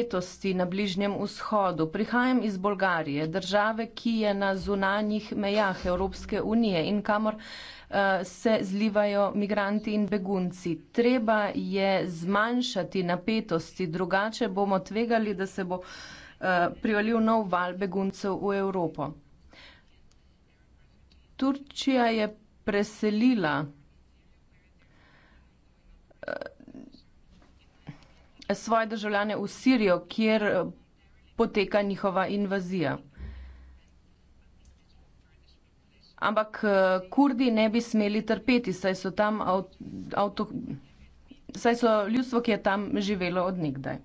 napetosti na Bližnjem vzhodu. Prihajam iz Bolgarije, države, ki je na zunanjih mejah Evropske unije in kamor eh, se zlivajo migranti in begunci. Treba je zmanjšati napetosti, drugače bomo tvegali, da se bo eh, privalil nov val beguncev v Evropo. Turčija je preselila eh, svoje državljane v Sirijo, kjer eh, poteka njihova invazija. Ampak eh, kurdi ne bi smeli trpeti, saj so, tam avto, saj so ljudstvo, ki je tam živelo od nekdaj.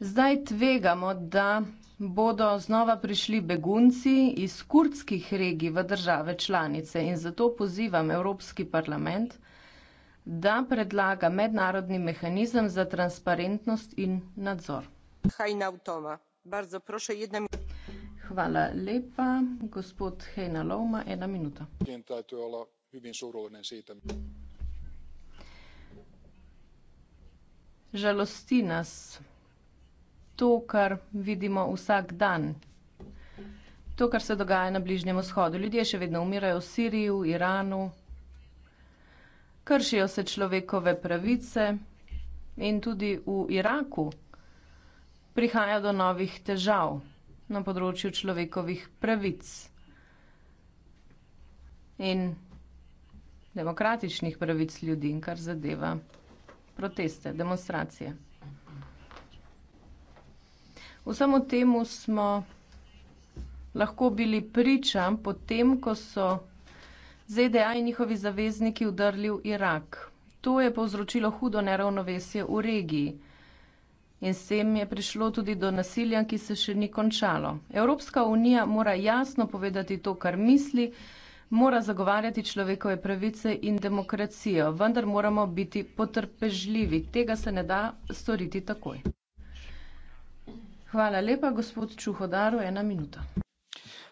Zdaj tvegamo, da bodo znova prišli begunci iz kurdskih regij v države članice in zato pozivam Evropski parlament, da predlaga mednarodni mehanizem za transparentnost in nadzor. Hvala lepa. Gospod Heina Louma, ena minuta. Žalosti nas to, kar vidimo vsak dan. To, kar se dogaja na Bližnjem vzhodu. Ljudje še vedno umirajo v Siriji, v Iranu, kršijo se človekove pravice in tudi v Iraku prihaja do novih težav na področju človekovih pravic in demokratičnih pravic ljudi, kar zadeva proteste, demonstracije. Vsemu temu smo lahko bili priča potem, ko so ZDA in njihovi zavezniki vdrli v Irak. To je povzročilo hudo neravnovesje v regiji. In s tem je prišlo tudi do nasilja, ki se še ni končalo. Evropska unija mora jasno povedati to, kar misli, mora zagovarjati človekove pravice in demokracijo, vendar moramo biti potrpežljivi. Tega se ne da storiti takoj. Hvala lepa, gospod Čuhodaru, ena minuta.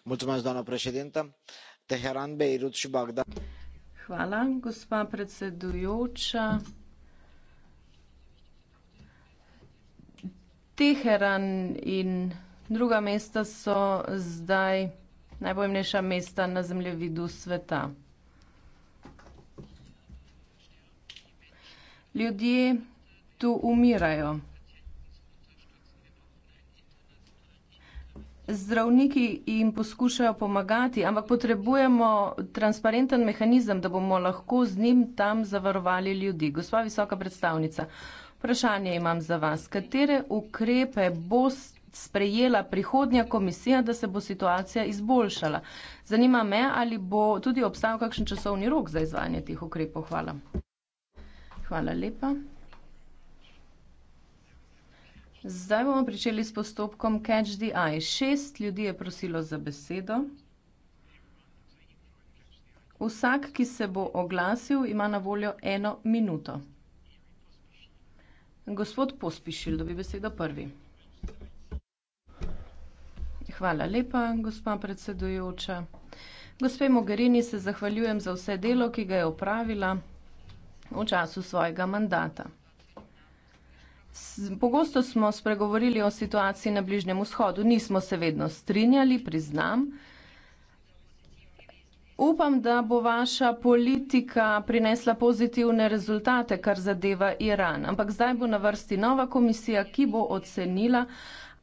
Mulțumesc, doamnă președintă. Teheran, Beirut, Šibagda. Hvala, gospa predsedujoča. Teheran in druga mesta so zdaj najpomembnejša mesta na zemljevidu sveta. Ljudje tu umirajo. zdravniki jim poskušajo pomagati, ampak potrebujemo transparenten mehanizem, da bomo lahko z njim tam zavarovali ljudi. Gospa visoka predstavnica, vprašanje imam za vas. Katere ukrepe bo sprejela prihodnja komisija, da se bo situacija izboljšala? Zanima me, ali bo tudi obstajal kakšen časovni rok za izvajanje teh ukrepov. Hvala. Hvala lepa. Zdaj bomo pričeli s postopkom Catch the Eye. Šest ljudi je prosilo za besedo. Vsak, ki se bo oglasil, ima na voljo eno minuto. Gospod Pospišil dobi besedo prvi. Hvala lepa, gospa predsedujoča. Gospe Mogherini se zahvaljujem za vse delo, ki ga je opravila v času svojega mandata. Pogosto smo spregovorili o situaciji na Bližnjem vzhodu, nismo se vedno strinjali, priznam. Upam, da bo vaša politika prinesla pozitivne rezultate, kar zadeva Iran. Ampak zdaj bo na vrsti nova komisija, ki bo ocenila,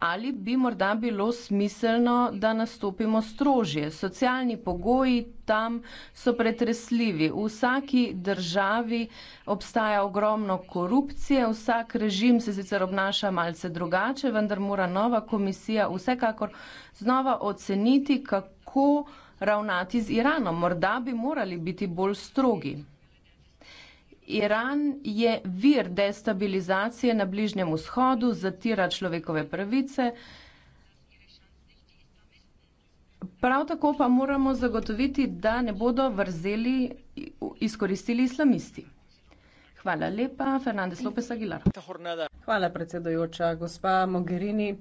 Ali bi morda bilo smiselno, da nastopimo strožje? Socialni pogoji tam so pretresljivi. V vsaki državi obstaja ogromno korupcije, vsak režim se sicer obnaša malce drugače, vendar mora nova komisija vsekakor znova oceniti, kako ravnati z Iranom. Morda bi morali biti bolj strogi. Iran je vir destabilizacije na Bližnjem vzhodu, zatira človekove pravice. Prav tako pa moramo zagotoviti, da ne bodo vrzeli, izkoristili islamisti. Hvala lepa, Fernandez Lopez Aguilar. Hvala predsedojoča, gospa Mogherini.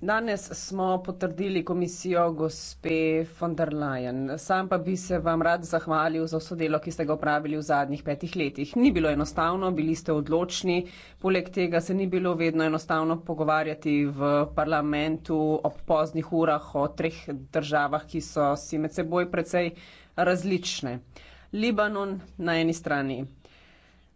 Danes smo potrdili komisijo gospe von der Leyen. Sam pa bi se vam rad zahvalil za vso delo, ki ste ga opravili v zadnjih petih letih. Ni bilo enostavno, bili ste odločni, poleg tega se ni bilo vedno enostavno pogovarjati v parlamentu ob poznih urah o treh državah, ki so si med seboj precej različne. Libanon na eni strani.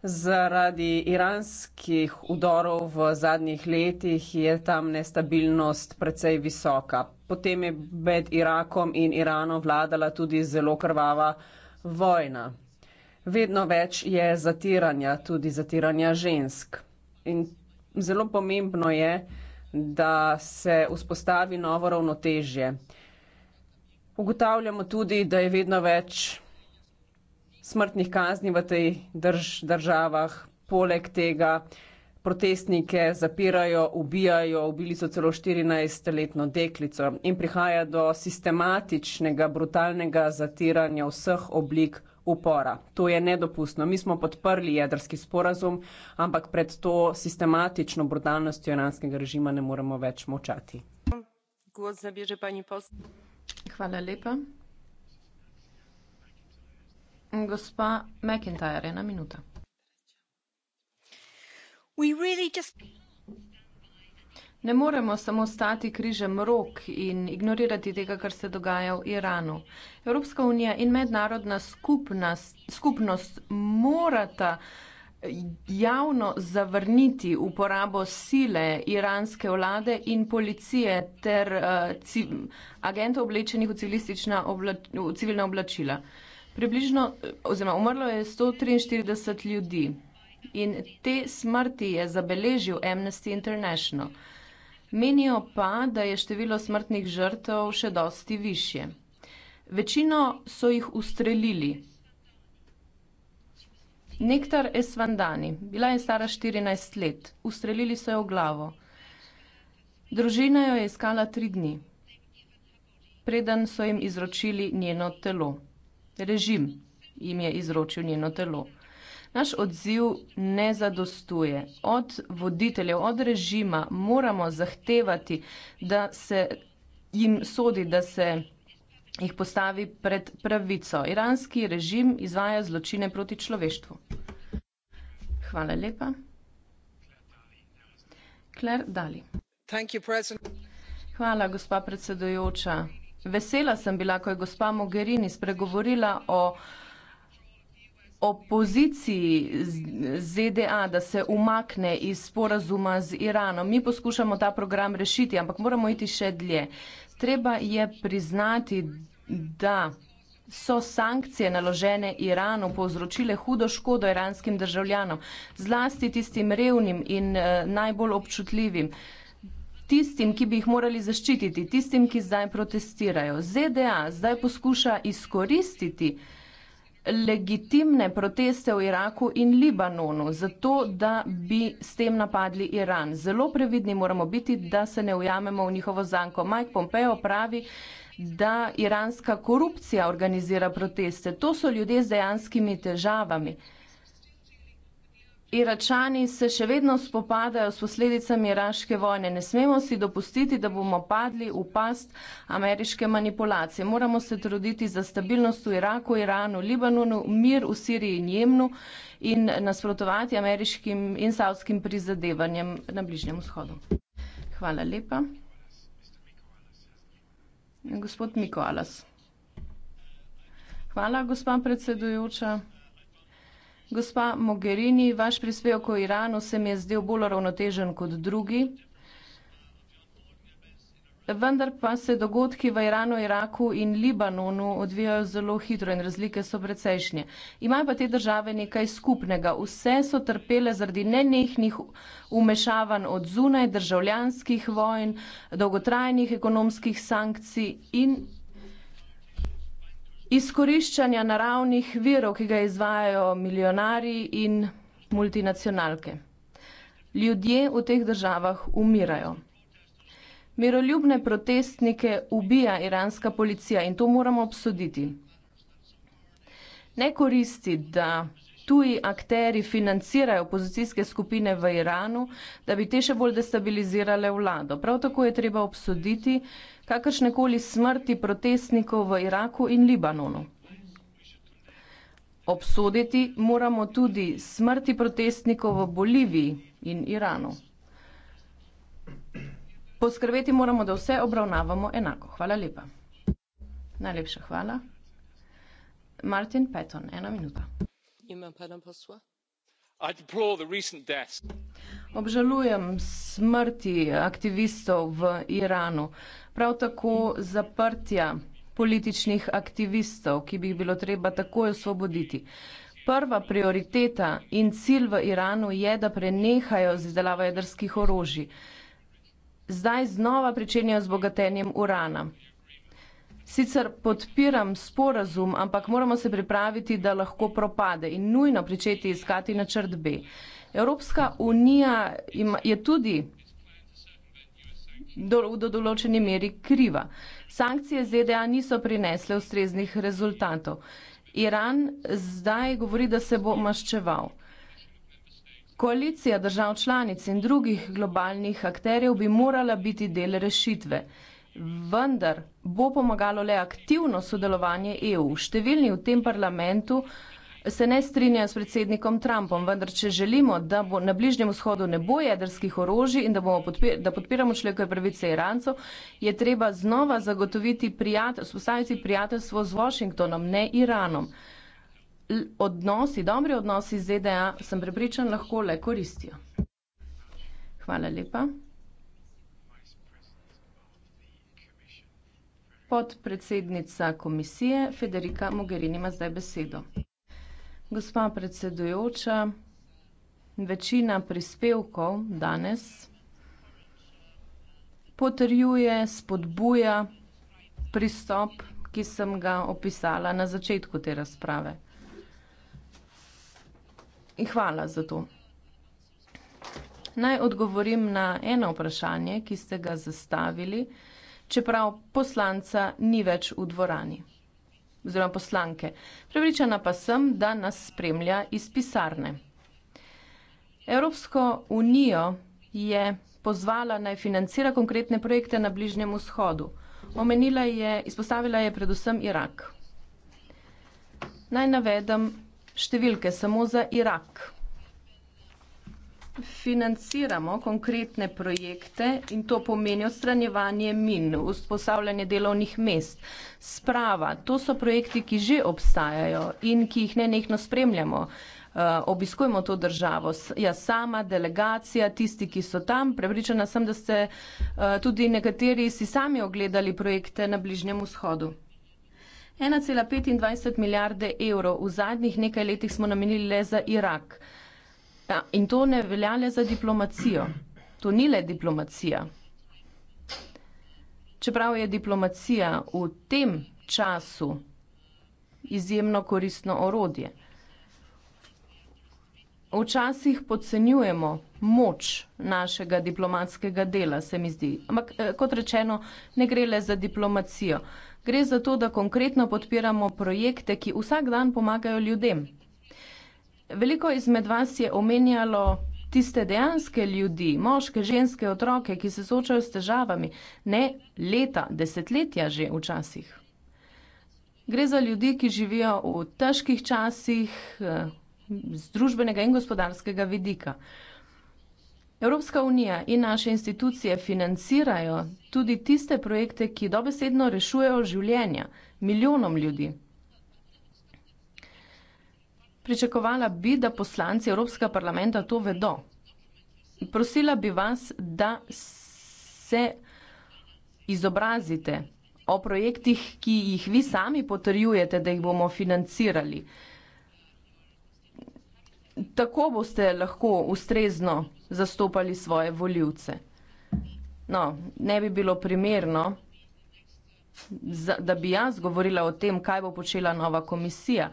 Zaradi iranskih udorov v zadnjih letih je tam nestabilnost precej visoka. Potem je med Irakom in Iranom vladala tudi zelo krvava vojna. Vedno več je zatiranja, tudi zatiranja žensk. In zelo pomembno je, da se vzpostavi novo ravnotežje. Ugotavljamo tudi, da je vedno več smrtnih kazni v tej drž, državah. Poleg tega protestnike zapirajo, ubijajo, ubili so celo 14-letno deklico in prihaja do sistematičnega, brutalnega zatiranja vseh oblik upora. To je nedopustno. Mi smo podprli jedrski sporazum, ampak pred to sistematično brutalnostjo iranskega režima ne moremo več močati. Hvala lepa. Gospa McIntyre, ena minuta. Ne moremo samo stati križem rok in ignorirati tega, kar se dogaja v Iranu. Evropska unija in mednarodna skupnost, skupnost morata javno zavrniti uporabo sile iranske vlade in policije ter uh, eh, civ, agentov oblečenih v, oblač, v civilna oblačila. Uh, približno, oziroma umrlo je 143 ljudi. In te smrti je zabeležil Amnesty International. Menijo pa, da je število smrtnih žrtev še dosti više. Večino so jih ustrelili. Nektar Esvandani, bila je stara 14 let, ustrelili so jo v glavo. Družina jo je iskala tri dni, preden so jim izročili njeno telo režim jim je izročil njeno telo. Naš odziv ne zadostuje. Od voditeljev, od režima moramo zahtevati, da se jim sodi, da se jih postavi pred pravico. Iranski režim izvaja zločine proti človeštvu. Hvala lepa. Claire Dali. Hvala, gospa predsedujoča. Vesela sem bila, ko je gospa Mogherini spregovorila o opoziciji ZDA, da se umakne iz sporazuma z Iranom. Mi poskušamo ta program rešiti, ampak moramo iti še dlje. Treba je priznati, da so sankcije naložene Iranu povzročile hudo škodo iranskim državljanom, zlasti tistim revnim in eh, najbolj občutljivim tistim, ki bi jih morali zaščititi, tistim, ki zdaj protestirajo. ZDA zdaj poskuša izkoristiti legitimne proteste v Iraku in Libanonu, zato da bi s tem napadli Iran. Zelo previdni moramo biti, da se ne ujamemo v njihovo zanko. Mike Pompeo pravi, da iranska korupcija organizira proteste. To so ljudje z dejanskimi težavami. Iračani se še vedno spopadajo s posledicami iraške vojne. Ne smemo si dopustiti, da bomo padli v past ameriške manipulacije. Moramo se truditi za stabilnost v Iraku, Iranu, Libanonu, mir v Siriji in Jemnu in nasprotovati ameriškim in savskim prizadevanjem na Bližnjem vzhodu. Hvala lepa. Gospod Miko Alas. Hvala, gospod predsedujoča. Gospa Mogherini, vaš prispevek o Iranu se mi je zdel bolj ravnotežen kot drugi. Vendar pa se dogodki v Iranu, Iraku in Libanonu odvijajo zelo hitro in razlike so precejšnje. Imajo pa te države nekaj skupnega. Vse so trpele zaradi nenehnih umešavanj od zunaj, državljanskih vojn, dolgotrajnih ekonomskih sankcij in izkoriščanja naravnih virov, ki ga izvajajo milijonari in multinacionalke. Ljudje v teh državah umirajo. Miroljubne protestnike ubija iranska policija in to moramo obsoditi. Ne koristi, da tuji akteri financirajo opozicijske skupine v Iranu, da bi te še bolj destabilizirale vlado. Prav tako je treba obsoditi kakršnekoli smrti protestnikov v Iraku in Libanonu. Obsoditi moramo tudi smrti protestnikov v Boliviji in Iranu. Poskrbeti moramo, da vse obravnavamo enako. Hvala lepa. Najlepša hvala. Martin Peton, ena minuta obžalujem smrti aktivistov v iranu prav tako zaprtja političnih aktivistov ki bi jih bilo treba takoj osvoboditi prva prioriteta in cilj v iranu je da prenehajo z izdelavo jedrskih orožij zdaj znova pričenjajo z bogatenjem urana Sicer podpiram sporazum, ampak moramo se pripraviti, da lahko propade in nujno pričeti iskati načrt B. Evropska unija ima, je tudi do, do določeni meri kriva. Sankcije ZDA niso prinesle ustreznih rezultatov. Iran zdaj govori, da se bo maščeval. Koalicija držav članic in drugih globalnih akterjev bi morala biti del rešitve vendar bo pomagalo le aktivno sodelovanje EU. Številni v tem parlamentu se ne strinjajo s predsednikom Trumpom, vendar če želimo, da bo na Bližnjem vzhodu ne bo jedrskih orožij in da, podpir, da podpiramo človekove pravice Irancov, je treba znova zagotoviti prijateljstvo, prijateljstvo z Washingtonom, ne Iranom. Odnosi, dobri odnosi z ZDA sem prepričan lahko le koristijo. Hvala lepa. Podpredsednica komisije Federika Mogherini ima zdaj besedo. Gospa predsedujoča, večina prispevkov danes potrjuje, spodbuja pristop, ki sem ga opisala na začetku te razprave. In hvala za to. Naj odgovorim na eno vprašanje, ki ste ga zastavili čeprav poslanca ni več v dvorani. Oziroma poslanke. Prepričana pa sem, da nas spremlja iz pisarne. Evropsko unijo je pozvala naj financira konkretne projekte na Bližnjem vzhodu. Omenila je, izpostavila je predvsem Irak. Naj navedem številke samo za Irak financiramo konkretne projekte in to pomeni odstranjevanje min, usposabljanje delovnih mest, sprava. To so projekti, ki že obstajajo in ki jih nenehno spremljamo. Uh, obiskujemo to državo, jaz sama, delegacija, tisti, ki so tam. Prepričana sem, da ste uh, tudi nekateri si sami ogledali projekte na Bližnjem vzhodu. 1,25 milijarde evrov v zadnjih nekaj letih smo namenili le za Irak. Uh, Ja, in to ne velja le za diplomacijo. To ni le diplomacija. Čeprav je diplomacija v tem času izjemno koristno orodje. Včasih podcenjujemo moč našega diplomatskega dela, se mi zdi. Ampak, eh, kot rečeno, ne gre le za diplomacijo. Gre za to, da konkretno podpiramo projekte, ki vsak dan pomagajo ljudem. Veliko izmed vas je omenjalo tiste dejanske ljudi, moške, ženske, otroke, ki se soočajo s težavami, ne leta, desetletja že včasih. Gre za ljudi, ki živijo v težkih časih eh, z družbenega in gospodarskega vidika. Evropska unija in naše institucije financirajo tudi tiste projekte, ki dobesedno rešujejo življenja milijonom ljudi. Pričakovala bi, da poslanci Evropskega parlamenta to vedo. Prosila bi vas, da se izobrazite o projektih, ki jih vi sami potrjujete, da jih bomo financirali. Tako boste lahko ustrezno zastopali svoje voljivce. No, ne bi bilo primerno, da bi jaz govorila o tem, kaj bo počela nova komisija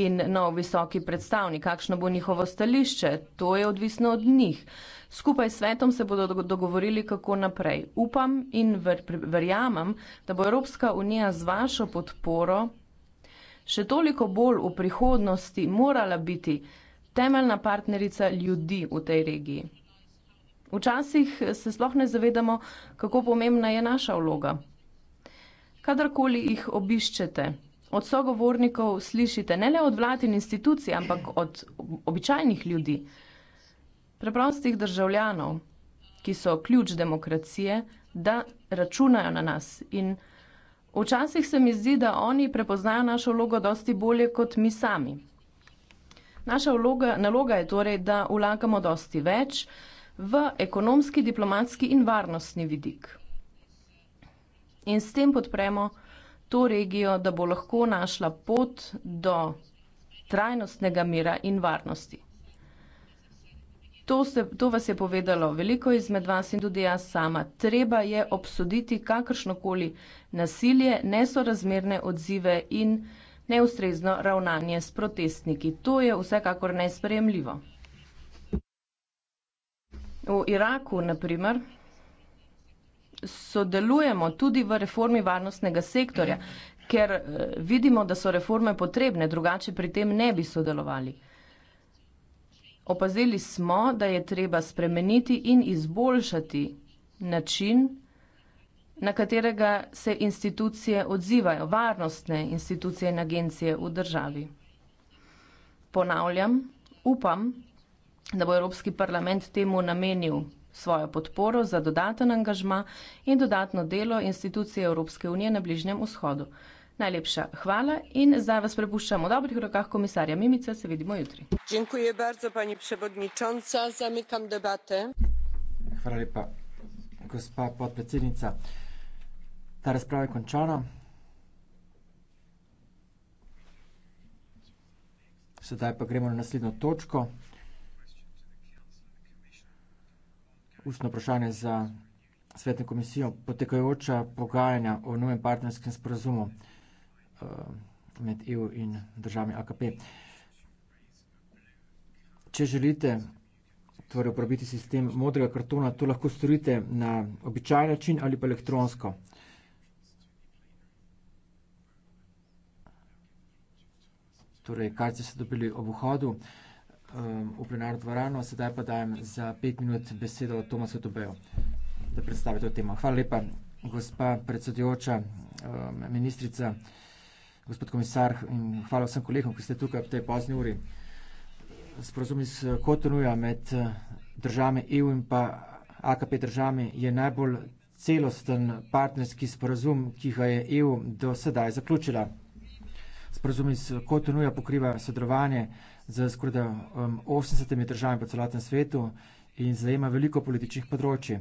in nov visoki predstavnik, kakšno bo njihovo stališče. To je odvisno od njih. Skupaj s svetom se bodo dogovorili, kako naprej. Upam in ver, verjamem, da bo Evropska unija z vašo podporo še toliko bolj v prihodnosti morala biti temeljna partnerica ljudi v tej regiji. Včasih se sploh ne zavedamo, kako pomembna je naša vloga kadarkoli jih obiščete. Od sogovornikov slišite ne le od vlad in institucij, ampak od običajnih ljudi, preprostih državljanov, ki so ključ demokracije, da računajo na nas. In včasih se mi zdi, da oni prepoznajo našo vlogo dosti bolje kot mi sami. Naša vloga, naloga je torej, da vlagamo dosti več v ekonomski, diplomatski in varnostni vidik in s tem podpremo to regijo, da bo lahko našla pot do trajnostnega mira in varnosti. To, se, to vas je povedalo veliko izmed vas in tudi jaz sama. Treba je obsoditi kakršnokoli nasilje, nesorazmerne odzive in neustrezno ravnanje s protestniki. To je vsekakor nesprejemljivo. V Iraku, naprimer, sodelujemo tudi v reformi varnostnega sektorja, ker eh, vidimo, da so reforme potrebne, drugače pri tem ne bi sodelovali. Opazili smo, da je treba spremeniti in izboljšati način, na katerega se institucije odzivajo, varnostne institucije in agencije v državi. Ponavljam, upam, da bo Evropski parlament temu namenil svojo podporo za dodaten angažma in dodatno delo institucije Evropske unije na Bližnjem vzhodu. Najlepša hvala in zdaj vas prepuščam v dobrih rokah komisarja Mimice. Se vidimo jutri. Bardzo, pani Zamikam debate. Hvala lepa, gospa podpredsednica. Ta razprava je končana. Sedaj pa gremo na naslednjo točko. ustno vprašanje za svetno komisijo, potekajoča pogajanja o novem partnerskem sporazumu eh, med EU in državami AKP. Če želite torej uporabiti sistem modrega kartona, to lahko storite na običajen način ali pa elektronsko. Torej, kar ste se dobili ob vhodu um, v plenarno dvorano, sedaj pa dajem za pet minut besedo Tomasu Tobeju, da predstavi to temo. Hvala lepa, gospa predsedujoča, um, ministrica, gospod komisar in hvala vsem kolegom, ki ste tukaj ob tej pozni uri. Sporozum iz Kotonuja med uh, državami EU in pa AKP državami je najbolj celosten partnerski sporazum, ki ga je EU do sedaj zaključila. Sporozum iz Kotonuja pokriva sodelovanje z skoraj da, um, 80 državami po celotnem svetu in zajema veliko političnih področji.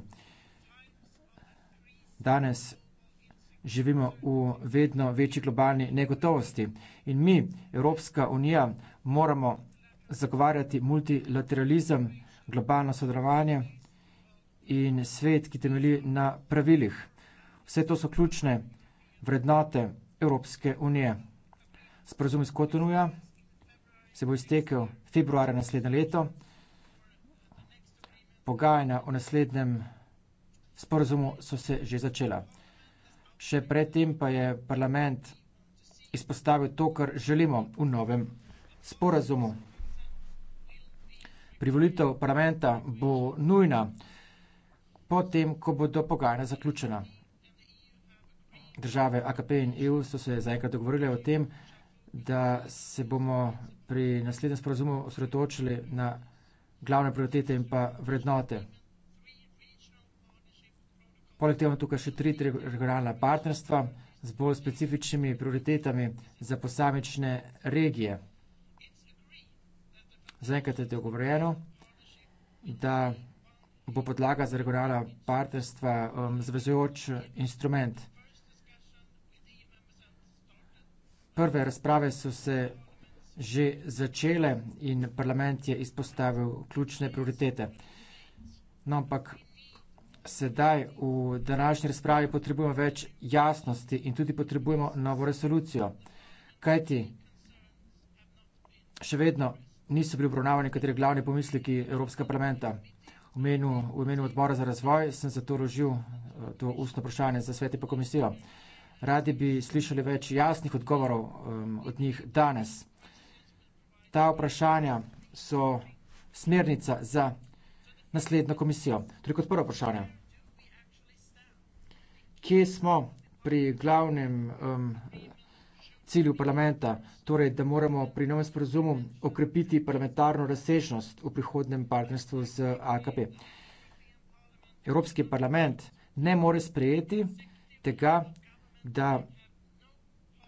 Danes živimo v vedno večji globalni negotovosti in mi, Evropska unija, moramo zagovarjati multilateralizem, globalno sodelovanje in svet, ki temelji na pravilih. Vse to so ključne vrednote Evropske unije. Sporazum iz Kotonuja se bo iztekel februarja naslednje leto. Pogajanja o naslednjem sporozumu so se že začela. Še predtem pa je parlament izpostavil to, kar želimo v novem sporozumu. Privolitev parlamenta bo nujna potem, ko bodo pogajanja zaključena. Države AKP in EU so se zaenkrat dogovorile o tem, da se bomo pri naslednjem sporazumu osredotočili na glavne prioritete in pa vrednote. Poleg tega imamo tukaj še tri regionalna partnerstva z bolj specifičnimi prioritetami za posamične regije. Zaenkrat je dogovorjeno, da bo podlaga za regionalna partnerstva um, zavezujoč instrument. Prve razprave so se že začele in parlament je izpostavil ključne prioritete. No, ampak sedaj v današnji razpravi potrebujemo več jasnosti in tudi potrebujemo novo resolucijo. Kajti še vedno niso bili obravnavani nekateri glavni pomisliki Evropskega parlamenta. V imenu, v imenu odbora za razvoj sem zato rožil eh, to ustno vprašanje za svet in pa komisijo. Radi bi slišali več jasnih odgovorov um, od njih danes ta vprašanja so smernica za naslednjo komisijo. Torej kot prvo vprašanje, kje smo pri glavnem um, cilju parlamenta, torej da moramo pri novem sporozumu okrepiti parlamentarno razsežnost v prihodnem partnerstvu z AKP. Evropski parlament ne more sprejeti tega, da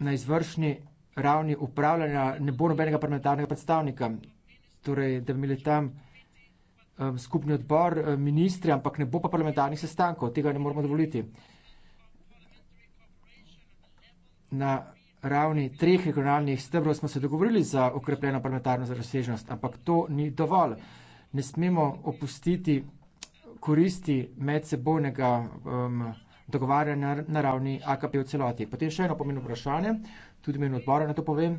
na izvršni ravni upravljanja ne bo nobenega parlamentarnega predstavnika. Torej, da bi imeli tam um, skupni odbor um, ministri, ampak ne bo pa parlamentarnih sestankov. Tega ne moramo dovoliti. Na ravni treh regionalnih stebrov smo se dogovorili za ukrepljeno parlamentarno razsežnost, ampak to ni dovolj. Ne smemo opustiti koristi medsebojnega um, dogovarjanja na ravni AKP v celoti. Potem še eno pomembno vprašanje tudi meni odbora na to povem.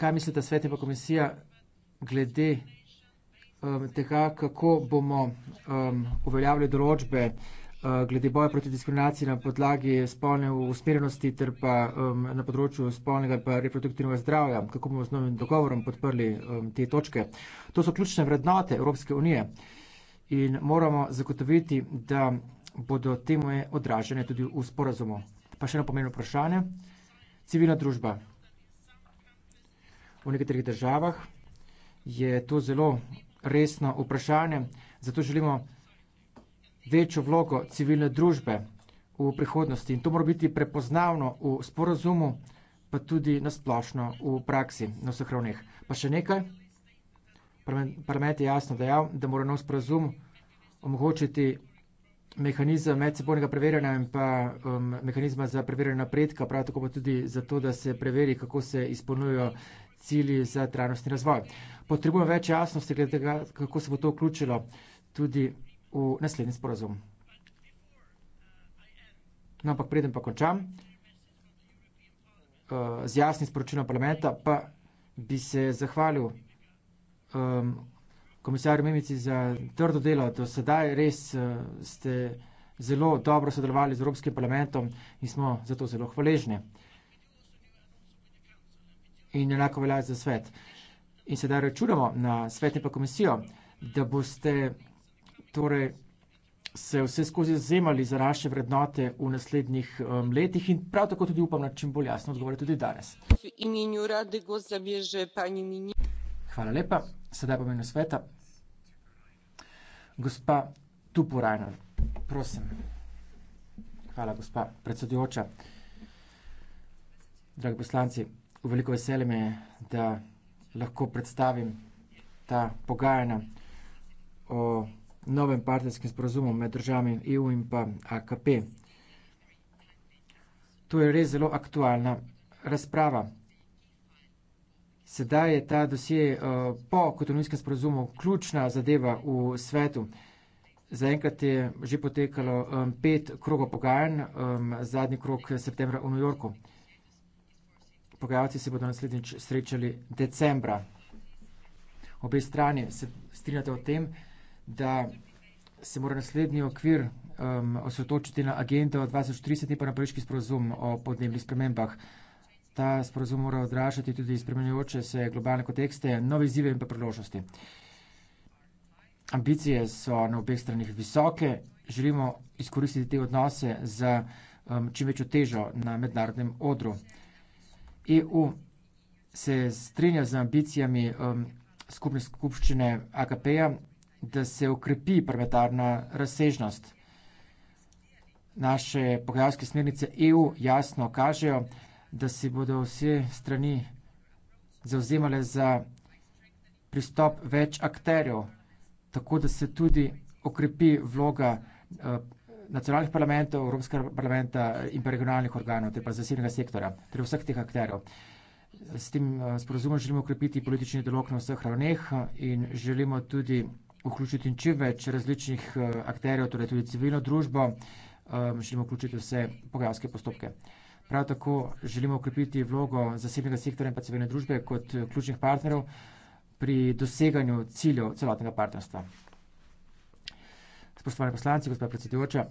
Kaj mislite, svet in pa komisija, glede um, tega, kako bomo um, uveljavili določbe uh, glede boja proti diskriminaciji na podlagi spolne usmerjenosti ter pa um, na področju spolnega pa reproduktivnega zdravja, kako bomo z novim dogovorom podprli te točke. To so ključne vrednote Evropske unije in moramo zagotoviti, da vsega, bodo teme odražene tudi v sporazumu. Pa še eno pomembno vprašanje. Civilna družba. V nekaterih državah je to zelo resno vprašanje, zato želimo večjo vlogo civilne družbe v prihodnosti in to mora biti prepoznavno v sporazumu, pa tudi nasplošno v praksi na vseh ravneh. Pa še nekaj. Parlament je jasno dejal, da mora nov sporazum omogočiti mehanizem medsebojnega preverjanja in pa um, mehanizma za preverjanje napredka, prav tako pa tudi za to, da se preveri, kako se izpolnjujo cilji za trajnostni razvoj. Potrebujemo več jasnosti glede tega, kako se bo to vključilo tudi v naslednji sporazum. No, ampak preden pa končam uh, z jasnim sporočilom parlamenta, pa bi se zahvalil um, komisar Mimici, za trdo delo. Do sedaj res eh, ste zelo dobro sodelovali z Evropskim parlamentom in smo zato zelo hvaležni. In enako velja za svet. In sedaj računamo na svet in pa komisijo, da boste torej se vse skozi zazemali za naše vrednote v naslednjih um, letih in prav tako tudi upam na čim bolj jasno odgovore tudi danes. Hvala lepa sedaj pa meni sveta. Gospa Tupurajna, prosim. Hvala, gospa predsedujoča. Dragi poslanci, v veliko veselje me je, da lahko predstavim ta pogajanja o novem partnerskim sporozumom med državami EU in pa AKP. To je res zelo aktualna razprava sedaj je ta dosje uh, po kotonijskem sporazumu ključna zadeva v svetu. Zaenkrat je že potekalo um, pet krogov pogajanj, um, zadnji krog septembra v New Yorku. Pogajalci se bodo naslednjič srečali decembra. Obe strani se strinjate o tem, da se mora naslednji okvir um, osredotočiti na agendo 2030 in pa na pariški sporozum o podnebnih spremembah. Ta sporozum mora odražati tudi spremenjajoče se globalne kontekste, nove izzive in pa priložnosti. Ambicije so na obeh stranih visoke, želimo izkoristiti te odnose za um, čim večjo težo na mednarodnem odru. EU se strinja z ambicijami um, skupne skupščine AKP-ja, da se ukrepi parlamentarna razsežnost. Naše pogajalske smernice EU jasno kažejo, da si bodo vse strani zauzemale za pristop več akterjev, tako da se tudi okrepi vloga eh, nacionalnih parlamentov, Evropskega parlamenta in pa regionalnih organov, torej pa zasebnega sektorja, torej vseh teh akterjev. S tem eh, sporozumom želimo okrepiti politični dialog na vseh ravneh eh, in želimo tudi vključiti čim več različnih akterjev, torej tudi civilno družbo, želimo vključiti vse pogajalske postopke. Prav tako želimo ukrepiti vlogo zasebnega sektorja in pa civilne družbe kot eh, ključnih partnerov pri doseganju ciljev celotnega partnerstva. Spoštovani poslanci, gospa predsedujoča,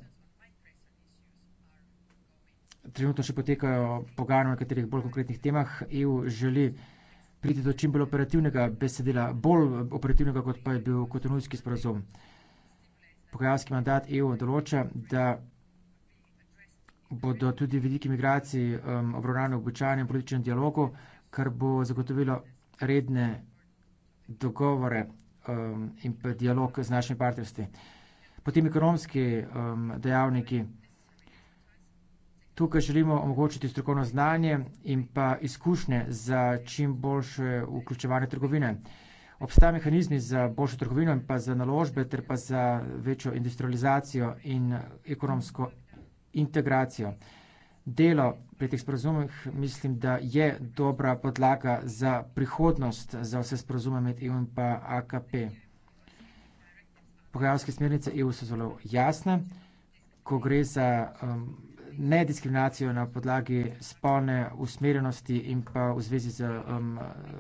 trenutno še potekajo pogajanja o nekaterih bolj konkretnih temah. EU želi priti do čim bolj operativnega besedila, bolj eh, operativnega, kot pa je bil cotonoujski sporazum. Pogajalski mandat EU določa, da bodo tudi veliki migraciji um, obravnani v običajnem političnem dialogu, kar bo zagotovilo redne dogovore um, in pa dialog z našimi partnerstvi. Potem ekonomski um, dejavniki. Tukaj želimo omogočiti strokovno znanje in pa izkušnje za čim boljše vključevanje trgovine. Obstajajo mehanizmi za boljšo trgovino in pa za naložbe ter pa za večjo industrializacijo in ekonomsko integracijo. Delo pri teh sporozumih mislim, da je dobra podlaga za prihodnost za vse sporozume med EU in pa AKP. Pogajalske smernice EU so zelo jasne, ko gre za um, nediskriminacijo na podlagi spolne usmerjenosti in pa v zvezi z um,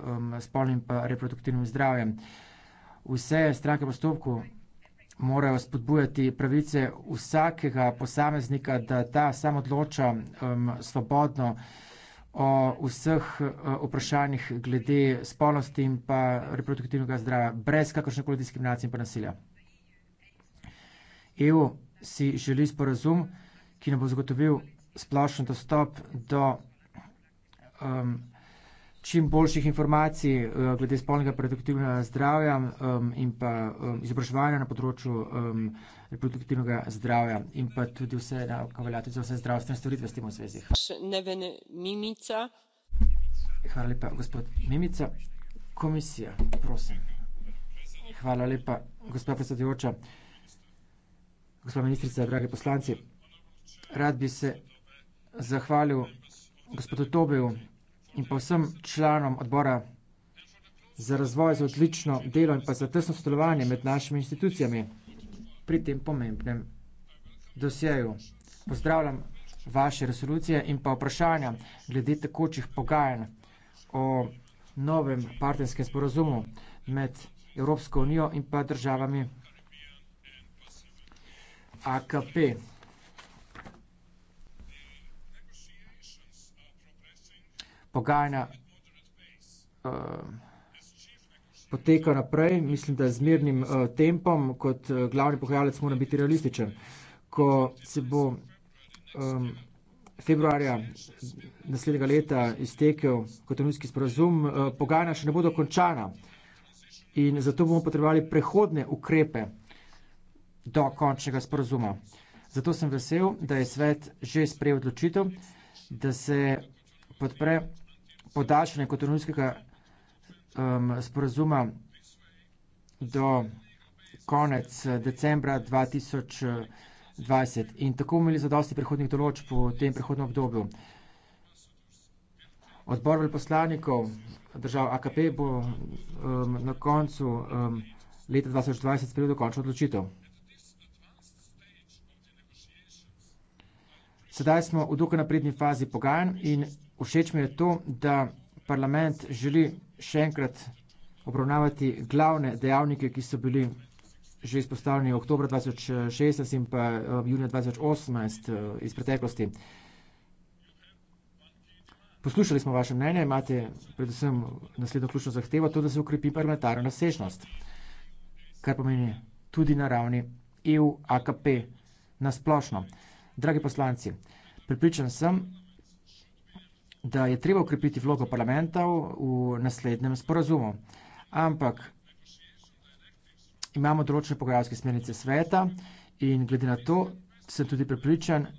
um, spolnim in pa reproduktivnim zdravjem. Vse stranke postopku morajo spodbujati pravice vsakega posameznika, da ta sam odloča um, svobodno o vseh uh, vprašanjih glede spolnosti in pa reproduktivnega zdravja, brez kakršne koli diskriminacije in pa nasilja. EU si želi sporazum, ki nam bo zagotovil splošen dostop do um, čim boljših informacij eh, glede spolnega produktivnega zdravja in pa izobraževanja na področju reproduktivnega zdravja in pa tudi vse, kar velja tudi za vse zdravstvene storitve s tem v zvezi. Hvala lepa, gospod Mimica. Komisija, prosim. Hvala lepa, gospa predsedujoča. Gospa ministrica, dragi poslanci. Rad bi se zahvalil gospodu Tobiju in pa vsem članom odbora za razvoj, za odlično delo in pa za tesno sodelovanje med našimi institucijami pri tem pomembnem dosjeju. Pozdravljam vaše resolucije in pa vprašanja glede tekočih pogajanj o novem partnerskem sporozumu med Evropsko unijo in pa državami AKP. pogajanja uh, eh, potekajo naprej, mislim, da z mirnim uh, tempom, kot uh, glavni pogajalec mora biti realističen. Ko se bo um, februarja naslednjega leta iztekel kotonijski sporazum, uh, pogajanja še ne bodo končana in zato bomo potrebovali prehodne ukrepe do končnega sporazuma. Zato sem vesel, da je svet že sprejel odločitev, da se podpre podaljšanje kotonovskega um, sporazuma do konec eh, decembra 2020. Eh, In tako imeli zadosti prehodnih določb po tem prehodnem obdobju. Odbor veljposlanikov držav AKP bo um, na koncu um, leta 2020 sprejel dokončno odločitev. Sedaj smo v dokaj napredni fazi pogajanj in všeč mi je to, da parlament želi še enkrat obravnavati glavne dejavnike, ki so bili že izpostavljeni oktober 2016 in pa eh, junija 2018 eh, iz preteklosti. Poslušali smo vaše mnenje, imate predvsem naslednjo ključno zahtevo, to, da se ukrepi parlamentarna razsežnost, kar pomeni tudi na ravni EU, AKP na splošno. Dragi poslanci, pripričan sem, da je treba ukrepiti vlogo parlamentov v naslednjem sporazumu. Ampak imamo določene pogajalske smernice sveta in glede na to sem tudi pripričan,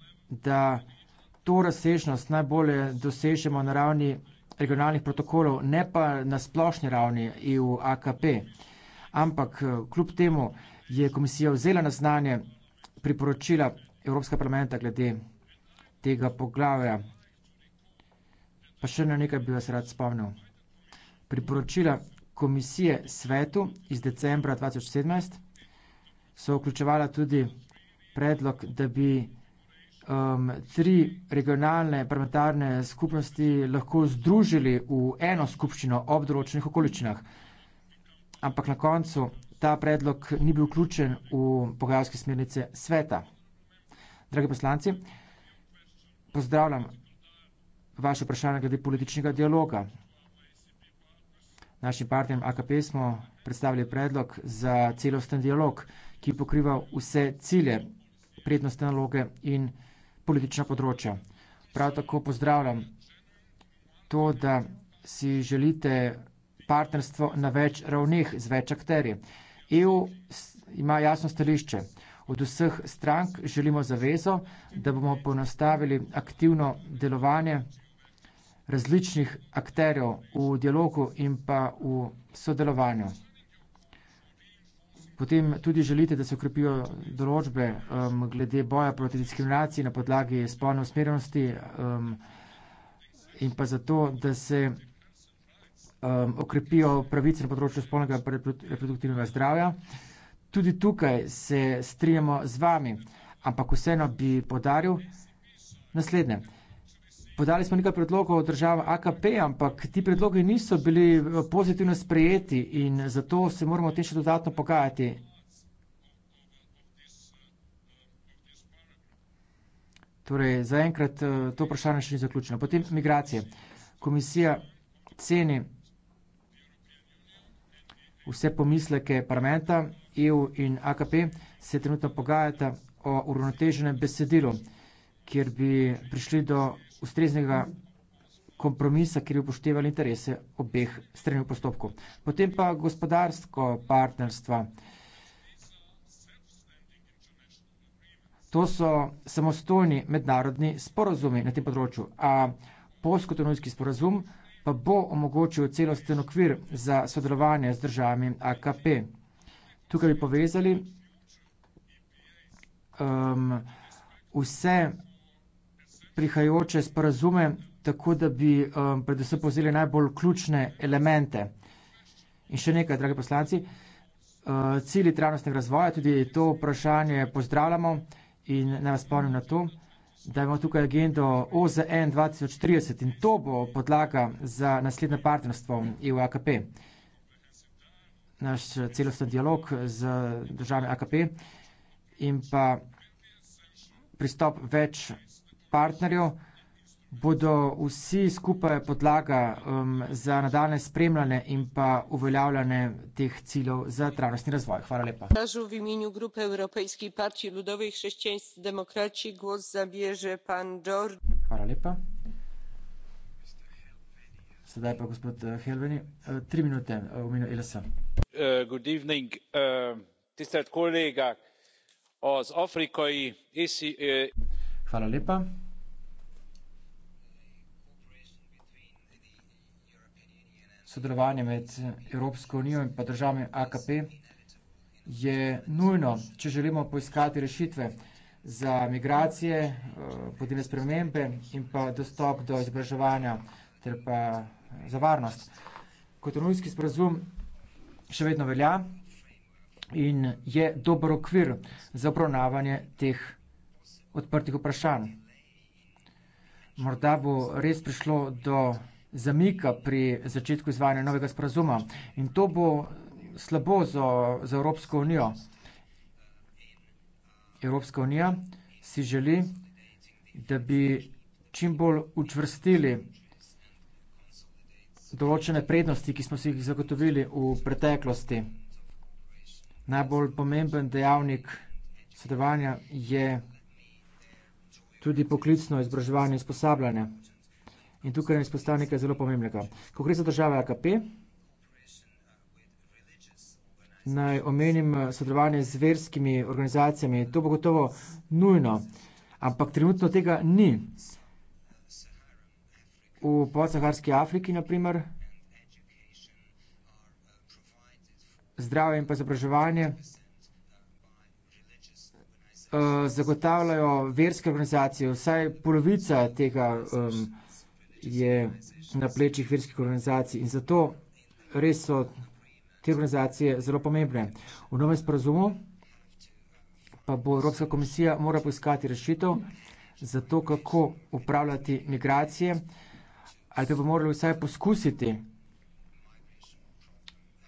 da to razsežnost najbolje dosežemo na ravni regionalnih protokolov, ne pa na splošni ravni EU AKP. Ampak eh, kljub temu je komisija vzela na znanje priporočila Evropskega parlamenta glede tega poglavja. Pa še na nekaj bi vas rad spomnil. Priporočila komisije svetu iz decembra 2017 so vključevala tudi predlog, da bi um, tri regionalne parlamentarne skupnosti lahko združili v eno skupščino ob določenih okoličinah. Ampak na koncu ta predlog ni bil vključen v pogajalske smernice sveta. Dragi poslanci, pozdravljam vaše vprašanje glede političnega dialoga. Našim partnerjem AKP smo predstavili predlog za celosten dialog, ki pokriva vse cilje, prednostne naloge in politična področja. Prav tako pozdravljam to, da si želite partnerstvo na več ravneh z več akterji. EU ima jasno stališče. Od vseh strank želimo zavezo, da bomo ponostavili aktivno delovanje različnih akterjev v dialogu in pa v sodelovanju. Potem tudi želite, da se ukrepijo določbe um, glede boja proti diskriminaciji na podlagi spolne usmerjenosti um, in pa zato, da se um, okrepijo pravice na področju spolnega reproduktivnega zdravja. Uh, Tudi tukaj se strijemo z vami, ampak vseeno bi podaril naslednje. Podali smo nekaj predlogov od država AKP, ampak ti predlogi niso bili eh, pozitivno sprejeti in zato se moramo o tem še dodatno pogajati. Torej, zaenkrat eh, to vprašanje še ni zaključeno. Potem migracije. Komisija ceni vse pomisleke parlamenta, EU in AKP se trenutno pogajata o uravnoteženem besedilu, kjer bi prišli do ustreznega kompromisa, kjer bi upoštevali interese obeh strani v postopku. Potem pa gospodarsko partnerstvo. To so samostojni mednarodni sporozumi na tem področju, a polsko-trnovski sporozum pa bo omogočil celosten okvir za sodelovanje z državami AKP tukaj bi povezali um, vse prihajajoče sporazume, tako da bi um, predvsem povzeli najbolj ključne elemente. In še nekaj, dragi poslanci, uh, cilji trajnostnega razvoja, tudi to vprašanje pozdravljamo in naj vas spomnim na to, da imamo tukaj agendo OZN 2030 in to bo podlaga za naslednje partnerstvo EU-AKP naš eh, celosten dialog z državami AKP in pa pristop več partnerjev, bodo vsi skupaj podlaga um, za nadaljne spremljanje in pa uveljavljanje teh ciljev za trajnostni razvoj. Hvala lepa. Kažu v imenu Grupe Evropejskih partij ljudovih hrščanskih demokracij, glas zabije že pan Đor. Hvala lepa. Sedaj pa gospod eh, Helveni, eh, tri minute eh, v imenu ELS. Good evening, tisztelt kolléga, az afrikai észi. Hvala lepa. Sodelovanje med Evropsko unijo in pa državami AKP je nujno, če želimo poiskati rešitve za migracije, podnebne spremembe in pa dostop do izobraževanja ter pa za varnost. Kotonujski sprazum še vedno velja in je dober okvir za obravnavanje teh odprtih vprašanj. Morda bo res prišlo do zamika pri začetku izvajanja novega sprazuma in to bo slabo za, za Evropsko unijo. Evropska unija si želi, da bi čim bolj učvrstili določene prednosti, ki smo si jih zagotovili v preteklosti. Najbolj pomemben dejavnik sodelovanja je tudi poklicno izobraževanje in usposabljanje. In tukaj je izpostavljeno nekaj zelo pomembnega. Ko gre za države AKP, naj omenim eh, sodelovanje z verskimi organizacijami. To bo gotovo nujno, ampak trenutno tega ni v podsaharski Afriki, naprimer, zdravje in pa izobraževanje eh, zagotavljajo verske organizacije. Vsaj polovica tega je na plečih verskih organizacij in zato res so te organizacije zelo pomembne. V novem sporazumu pa bo Evropska komisija mora poiskati rešitev za to, kako upravljati migracije in ali pa bi morali vsaj poskusiti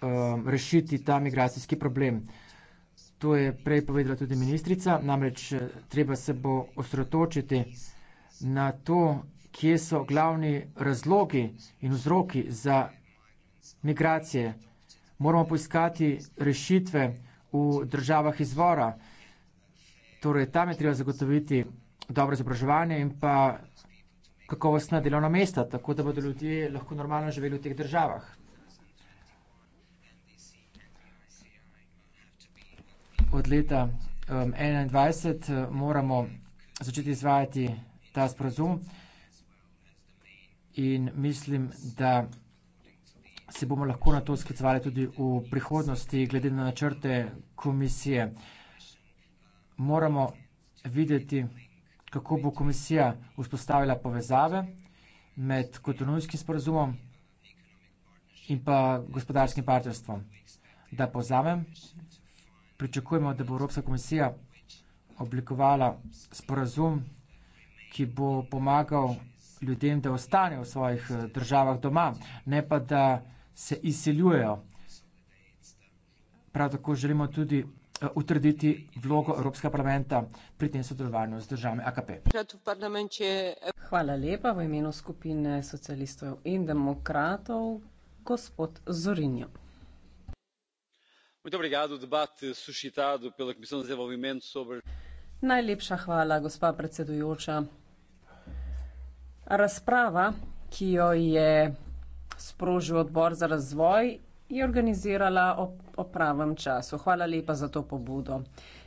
um, rešiti ta migracijski problem. To je prej povedala tudi ministrica, namreč eh, treba se bo osredotočiti na to, kje so glavni razlogi in vzroki za migracije. Moramo poiskati rešitve v državah izvora. Torej, tam je treba zagotoviti dobro izobraževanje in pa kakovostna delovna mesta, tako da bodo ljudje lahko normalno živeli v teh državah. Od leta 2021 um, uh, moramo začeti izvajati ta sporozum in mislim, da se bomo lahko na to sklicovali tudi v prihodnosti, glede na načrte komisije. Moramo videti, kako bo komisija vzpostavila povezave med kotonujskim sporazumom in pa gospodarskim partnerstvom. Da povzamem, pričakujemo, da bo Evropska komisija oblikovala sporazum, ki bo pomagal ljudem, da ostanejo v svojih eh, državah doma, ne pa da se izseljujejo. Prav tako želimo tudi Eh, utrditi vlogo Evropskega parlamenta pri tem sodelovanju z državami AKP. Hvala lepa v imenu skupine socialistov in demokratov, gospod Zorinjo. Najlepša hvala, gospa predsedujoča. Razprava, ki jo je sprožil odbor za razvoj, je organizirala ob, ob pravem času. Hvala lepa za to pobudo.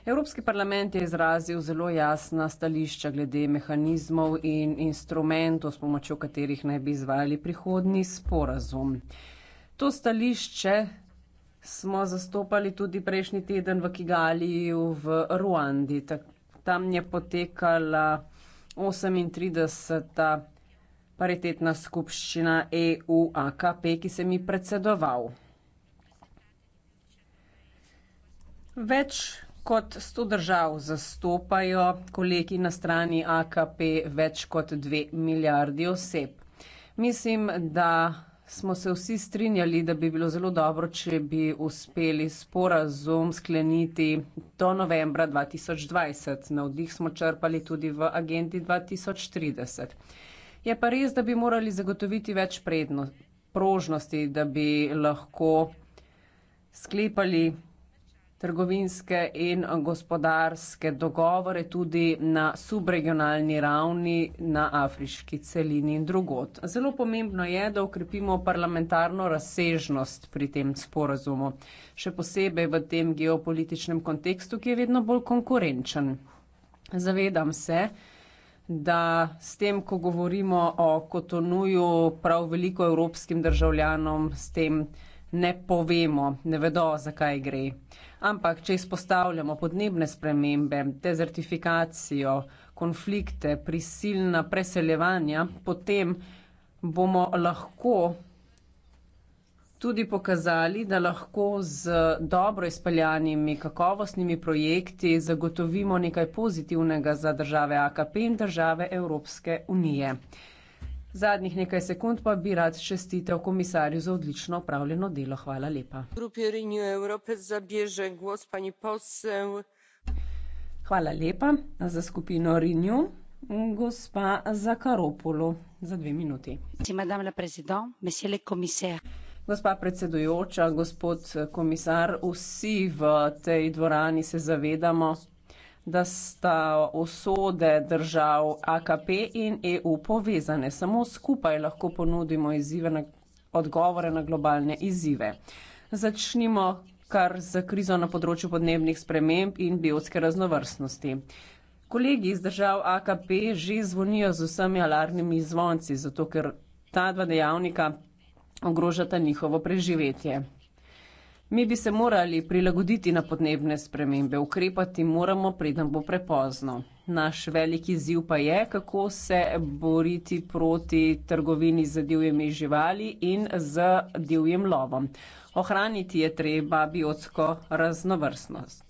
Evropski parlament je izrazil zelo jasna stališča glede mehanizmov in instrumentov, s pomočjo katerih naj bi izvajali prihodni sporazum. To stališče smo zastopali tudi prejšnji teden v Kigaliju v Ruandi. Tam je potekala 38. paritetna skupščina EU-AKP, ki sem ji predsedoval. Več kot 100 držav zastopajo kolegi na strani AKP več kot 2 milijardi oseb. Mislim, da smo se vsi strinjali, da bi bilo zelo dobro, če bi uspeli sporazum skleniti do novembra 2020. Na vdih smo črpali tudi v agendi 2030. Je pa res, da bi morali zagotoviti več prednosti, prožnosti, da bi lahko sklepali trgovinske in gospodarske dogovore tudi na subregionalni ravni, na afriški celini in drugot. Zelo pomembno je, da ukrepimo parlamentarno razsežnost pri tem sporazumu, še posebej v tem geopolitičnem kontekstu, ki je vedno bolj konkurenčen. Zavedam se, da s tem, ko govorimo o kotonuju prav veliko evropskim državljanom, s tem ne povemo, ne vedo, zakaj gre. Ampak, če izpostavljamo podnebne spremembe, dezertifikacijo, konflikte, prisilna preseljevanja, potem bomo lahko tudi pokazali, da lahko z dobro izpeljanimi kakovostnimi projekti zagotovimo nekaj pozitivnega za države AKP in države Evropske unije. Zadnjih nekaj sekund pa bi rad čestitev komisarju za odlično upravljeno delo. Hvala lepa. Hvala lepa. Za skupino Renew, gospa Zakaropulo, za dve minuti. Gospa predsedujoča, gospod komisar, vsi v tej dvorani se zavedamo, da sta osode držav AKP in EU povezane. Samo skupaj lahko ponudimo na, odgovore na globalne izzive. Začnimo kar z krizo na področju podnebnih sprememb in biotske raznovrstnosti. Kolegi iz držav AKP že zvonijo z vsemi alarmnimi zvonci, zato ker ta dva dejavnika ogrožata njihovo preživetje. Mi bi se morali prilagoditi na podnebne spremembe, ukrepati moramo, preden bo prepozno. Naš veliki ziv pa je, kako se boriti proti trgovini z divjimi živali in z divjim lovom. Ohraniti je treba biotsko raznovrstnost.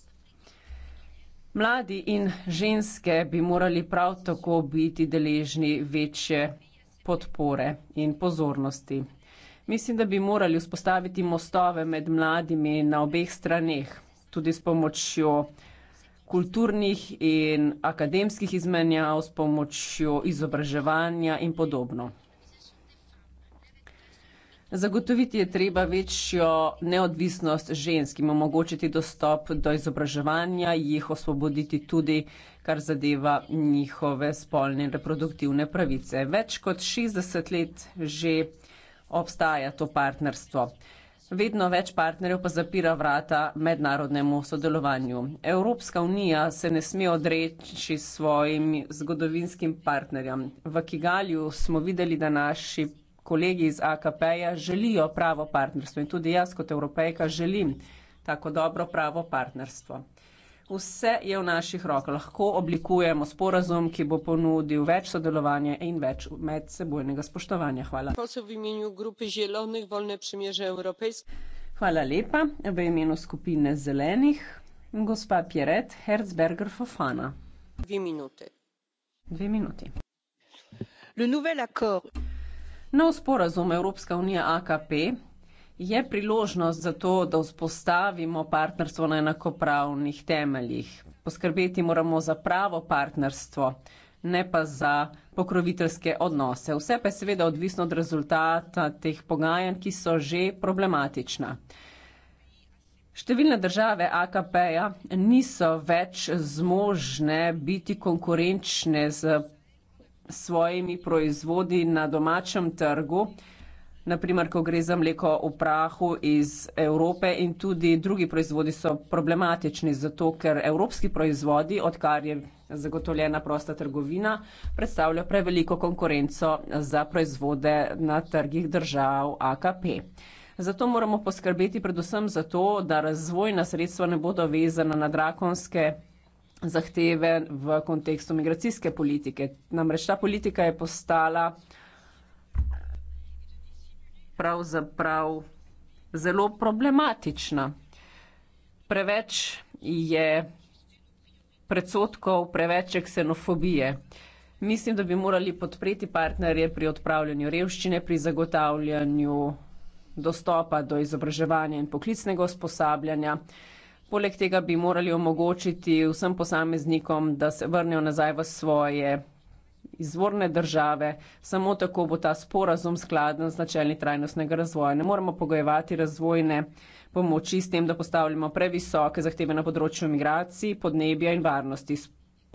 Mladi in ženske bi morali prav tako biti deležni večje podpore in pozornosti. Mislim, da bi morali vzpostaviti mostove med mladimi na obeh straneh, tudi s pomočjo kulturnih in akademskih izmenjav, s pomočjo izobraževanja in podobno. Zagotoviti je treba večjo neodvisnost ženskim, omogočiti dostop do izobraževanja, jih osvoboditi tudi, kar zadeva njihove spolne in reproduktivne pravice. Več kot 60 let že obstaja to partnerstvo. Vedno več partnerjev pa zapira vrata mednarodnemu sodelovanju. Evropska unija se ne sme odreči svojim zgodovinskim partnerjem. V Kigalju smo videli, da naši kolegi iz AKP-ja želijo pravo partnerstvo in tudi jaz kot evropejka želim tako dobro pravo partnerstvo. Vse je v naših rokah. Lahko oblikujemo sporazum, ki bo ponudil več sodelovanja in več medsebojnega spoštovanja. Hvala. Hvala lepa. V imenu skupine zelenih, gospa Pieret Herzberger Fofana. Dve minute. Dve minuti. Nov sporazum Evropska unija AKP Je priložnost za to, da vzpostavimo partnerstvo na enakopravnih temeljih. Poskrbeti moramo za pravo partnerstvo, ne pa za pokroviteljske odnose. Vse pa je seveda odvisno od rezultata teh pogajanj, ki so že problematična. Številne države AKP-ja niso več zmožne biti konkurenčne z svojimi proizvodi na domačem trgu naprimer, ko gre za mleko v prahu iz Evrope in tudi drugi proizvodi so problematični, zato ker evropski proizvodi, odkar je zagotovljena prosta trgovina, predstavlja preveliko konkurenco za proizvode na trgih držav AKP. Zato moramo poskrbeti predvsem za to, da razvojna sredstva ne bodo vezana na drakonske zahteve v kontekstu migracijske politike. Namreč ta politika je postala pravzaprav zelo problematična. Preveč je predsotkov, preveč je ksenofobije. Mislim, da bi morali podpreti partnerje pri odpravljanju revščine, pri zagotavljanju dostopa do izobraževanja in poklicnega usposabljanja. Poleg tega bi morali omogočiti vsem posameznikom, da se vrnejo nazaj v svoje izvorne države. Samo tako bo ta sporazum skladen z načelji trajnostnega razvoja. Ne moramo pogojevati razvojne pomoči s tem, da postavljamo previsoke zahteve na področju migracij, podnebja in varnosti.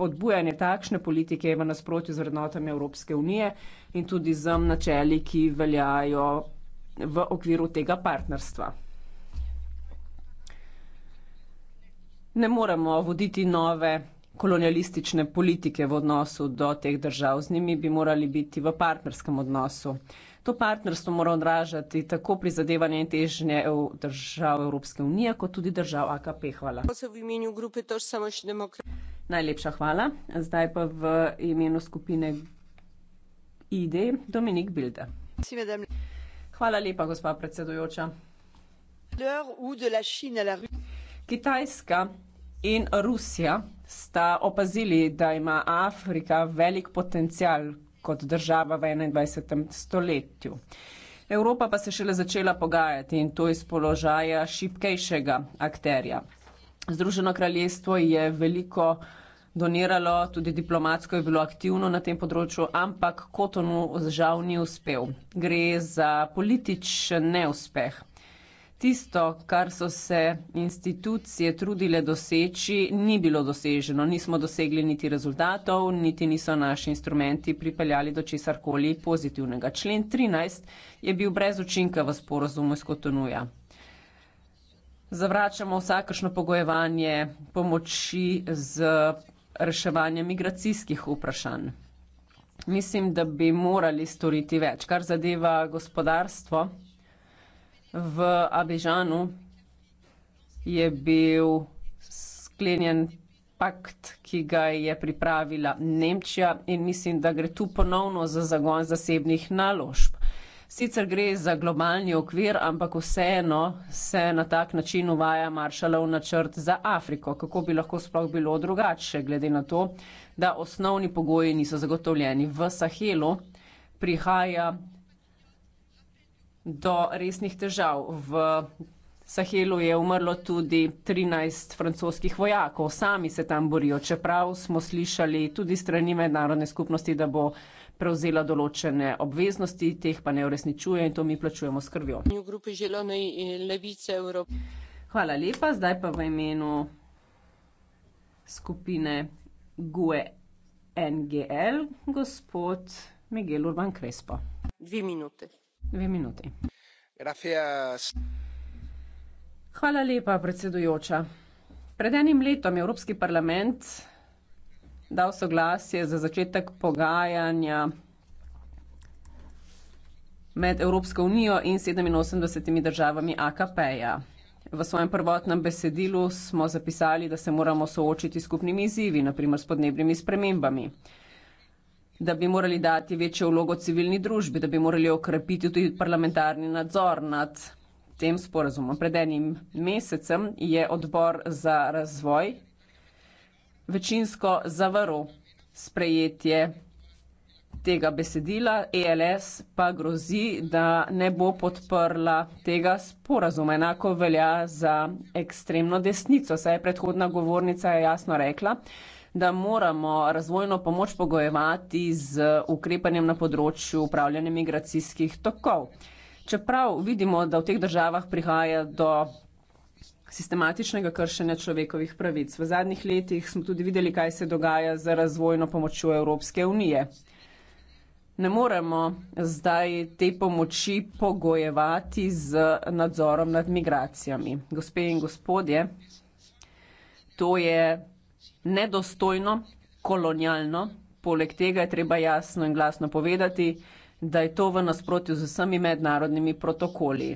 Podbujanje takšne politike je v nasprotju z vrednotami Evropske unije in tudi z načeli, ki veljajo v okviru tega partnerstva. Ne moremo voditi nove kolonialistične politike v odnosu do teh držav, z njimi bi morali biti v partnerskem odnosu. To partnerstvo mora odražati tako prizadevanje in težnje EU, držav Evropske unije, kot tudi držav AKP. Hvala. Najlepša hvala. Zdaj pa v imenu skupine ID Dominik Bilde. Hvala lepa, gospa predsedujoča. Kitajska in Rusija sta opazili, da ima Afrika velik potencial kot država v 21. stoletju. Evropa pa se šele začela pogajati in to iz položaja šipkejšega akterja. Združeno kraljestvo je veliko doniralo, tudi diplomatsko je bilo aktivno na tem področju, ampak Kotonu žal ni uspel. Gre za političen neuspeh. Tisto, kar so se institucije trudile doseči, ni bilo doseženo. Nismo dosegli niti rezultatov, niti niso naši instrumenti pripeljali do česar koli pozitivnega. Člen 13 je bil brez učinka v sporozumu s Kotonuja. Zavračamo vsakršno pogojevanje pomoči z reševanjem migracijskih vprašanj. Mislim, da bi morali storiti več, kar zadeva gospodarstvo. V Abežanu je bil sklenjen pakt, ki ga je pripravila Nemčija in mislim, da gre tu ponovno za zagon zasebnih naložb. Sicer gre za globalni okvir, ampak vseeno se na tak način uvaja Maršalov načrt za Afriko. Kako bi lahko sploh bilo drugače, glede na to, da osnovni pogoji niso zagotovljeni v Sahelu, prihaja do resnih težav. V Sahelu je umrlo tudi 13 francoskih vojakov, sami se tam borijo, čeprav smo slišali tudi strani mednarodne skupnosti, da bo prevzela določene obveznosti, teh pa ne uresničuje in to mi plačujemo s krvjo. Hvala lepa, zdaj pa v imenu skupine GUE NGL gospod Miguel Urban Crespo. Dve minute. Hvala lepa, predsedujoča. Pred enim letom je Evropski parlament dal soglasje za začetek pogajanja med Evropsko unijo in 87 državami AKP-ja. V svojem prvotnem besedilu smo zapisali, da se moramo soočiti s skupnimi izzivi, na primer s podnebnimi spremembami da bi morali dati večjo vlogo civilni družbi, da bi morali okrepiti tudi parlamentarni nadzor nad tem sporazumom. Pred enim mesecem je odbor za razvoj večinsko zavrl sprejetje tega besedila, ELS pa grozi, da ne bo podprla tega sporazuma. Enako velja za ekstremno desnico, saj je predhodna govornica jasno rekla, da moramo razvojno pomoč pogojevati z ukrepanjem na področju upravljanja migracijskih tokov. Čeprav vidimo, da v teh državah prihaja do sistematičnega kršenja človekovih pravic. V zadnjih letih smo tudi videli, kaj se dogaja z razvojno pomočjo Evropske unije. Ne moremo zdaj te pomoči pogojevati z nadzorom nad migracijami. Gospe in gospodje, to je nedostojno, kolonialno. Poleg tega je treba jasno in glasno povedati, da je to v nasprotju z vsemi mednarodnimi protokoli.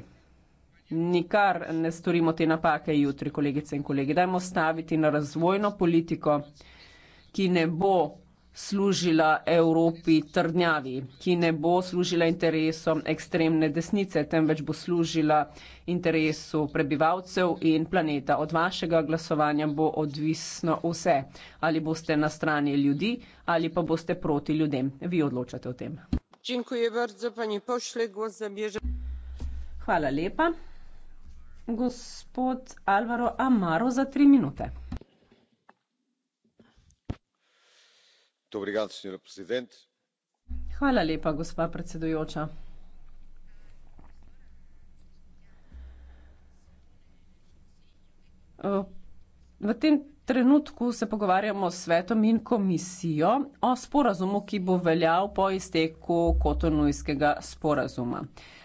Nikar ne storimo te napake jutri, kolegice in kolegi. Dajmo staviti na razvojno politiko, ki ne bo služila Evropi trdnjavi, ki ne bo služila interesom ekstremne desnice, temveč bo služila interesu prebivalcev in planeta. Od vašega glasovanja bo odvisno vse, ali boste na strani ljudi ali pa boste proti ljudem. Vi odločate o tem. Hvala lepa. Gospod Alvaro Amaro za tri minute. Hvala lepa, gospa predsedujoča. v tem trenutku se pogovarjamo s svetom in komisijo o sporazumu, ki bo veljal po izteku Cotonoujskega sporazuma.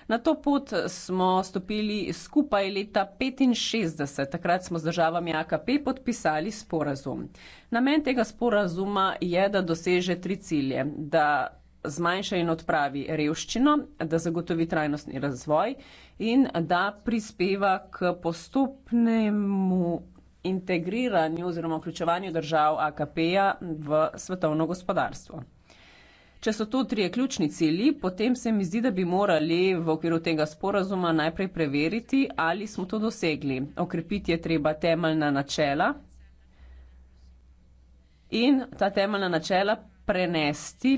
Na to pot smo stopili skupaj leta 1965. Takrat smo z državami AKP podpisali sporazum. Namen tega sporazuma je, da doseže tri cilje. Da zmanjša in odpravi revščino, da zagotovi trajnostni razvoj in da prispeva k postopnemu integriranju oziroma vključevanju držav AKP-ja v svetovno gospodarstvo. Če so to trije ključni cilji, potem se mi zdi, da bi morali v okviru tega sporazuma najprej preveriti, ali smo to dosegli. Okrepiti je treba temeljna načela in ta temeljna načela prenesti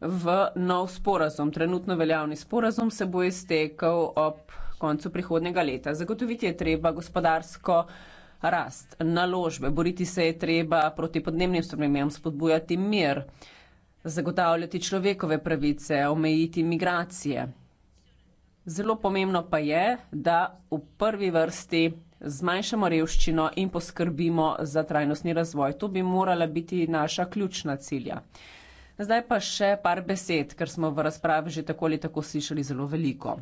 v nov sporazum. Trenutno veljavni sporazum se bo iztekel ob koncu prihodnega leta. Zagotoviti je treba gospodarsko rast, naložbe, boriti se je treba proti podnebnim spremembam, spodbujati mir zagotavljati človekove pravice, omejiti migracije. Zelo pomembno pa je, da v prvi vrsti zmanjšamo revščino in poskrbimo za trajnostni razvoj. To bi morala biti naša ključna cilja. Zdaj pa še par besed, ker smo v razpravi že tako ali tako slišali zelo veliko.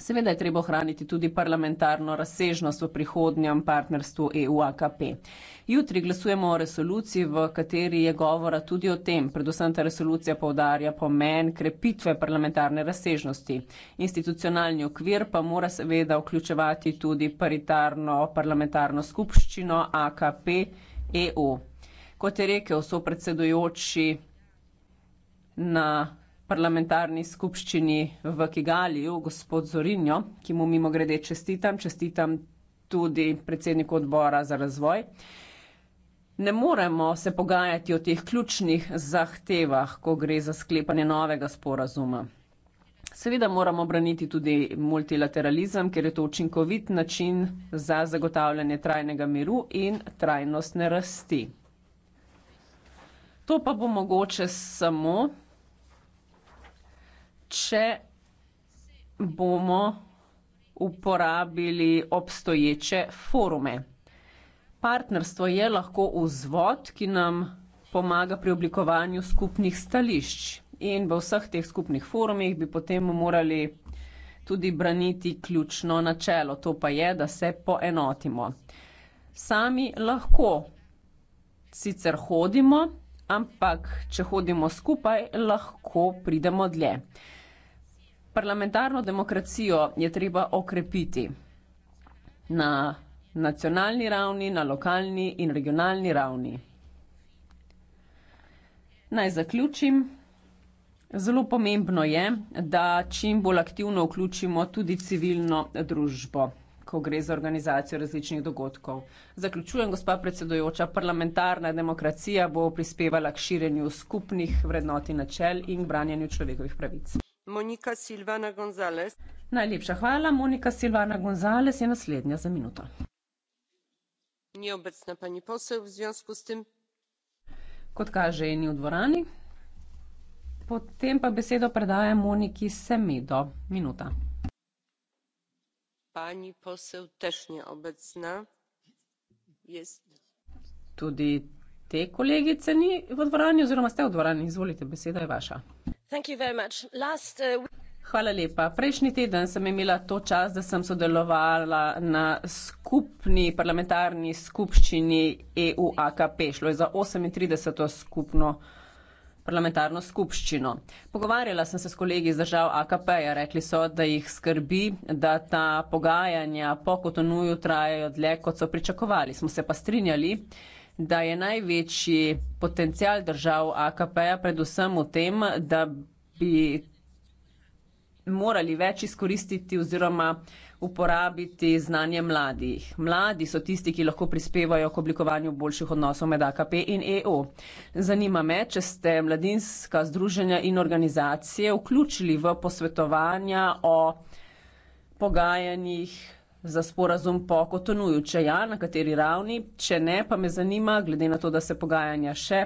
Seveda je treba ohraniti tudi parlamentarno razsežnost v prihodnjem partnerstvu EU-AKP. Jutri glasujemo o resoluciji, v kateri je govora tudi o tem. Predvsem ta resolucija povdarja pomen krepitve parlamentarne razsežnosti. Institucionalni okvir pa mora seveda vključevati tudi paritarno parlamentarno skupščino AKP-EU. Kot je rekel sopredsedujoči na parlamentarni skupščini v Kigaliju, gospod Zorinjo, ki mu mimo grede čestitam, čestitam tudi predsedniku odbora za razvoj. Ne moremo se pogajati o teh ključnih zahtevah, ko gre za sklepanje novega sporazuma. Seveda moramo braniti tudi multilateralizem, ker je to učinkovit način za zagotavljanje trajnega miru in trajnostne rasti. To pa bo mogoče samo, če bomo uporabili obstoječe forume. Partnerstvo je lahko vzvod, ki nam pomaga pri oblikovanju skupnih stališč in v vseh teh skupnih forumih bi potem morali tudi braniti ključno načelo, to pa je, da se poenotimo. Sami lahko sicer hodimo, ampak če hodimo skupaj, lahko pridemo dlje. Parlamentarno demokracijo je treba okrepiti na nacionalni ravni, na lokalni in regionalni ravni. Naj zaključim. Zelo pomembno je, da čim bolj aktivno vključimo tudi civilno družbo, ko gre za organizacijo različnih dogodkov. Zaključujem, gospa predsedujoča, parlamentarna demokracija bo prispevala k širjenju skupnih vrednot in načel in branjenju človekovih pravic. Monika Silvana Gonzales. Najlepša hvala. Monika Silvana Gonzales je naslednja za minuto. Ni obecna pani poseł v związku s tem. Kot kaže, je ni v dvorani. Potem pa besedo predaje Moniki Semedo. Minuta. Pani poseł tež ni obecna. Jest. Tudi te kolegice ni v dvorani oziroma ste v dvorani. Izvolite, beseda je vaša. Uh, prejšnji teden sem imela to čast, da sem sodelovala na skupni parlamentarni skupščini EU AKP. Šlo je za 38. skupno parlamentarno skupščino. Pogovarjala sem se s kolegi iz držav AKP-ja, rekli so, da jih skrbi, da ta pogajanja po kotonuju trajajo dlje, kot so pričakovali. Smo se pa strinjali, da je največji potencial držav AKP-ja predvsem v tem, da bi morali več izkoristiti oziroma uporabiti znanje mladih. Mladi so tisti, ki lahko prispevajo k oblikovanju boljših odnosov med AKP in EU. Zanima me, če ste mladinska združenja in organizacije vključili v posvetovanja o pogajanjih za sporazum po Kotonuju, če ja, na kateri ravni, če ne, pa me zanima, glede na to, da se pogajanja še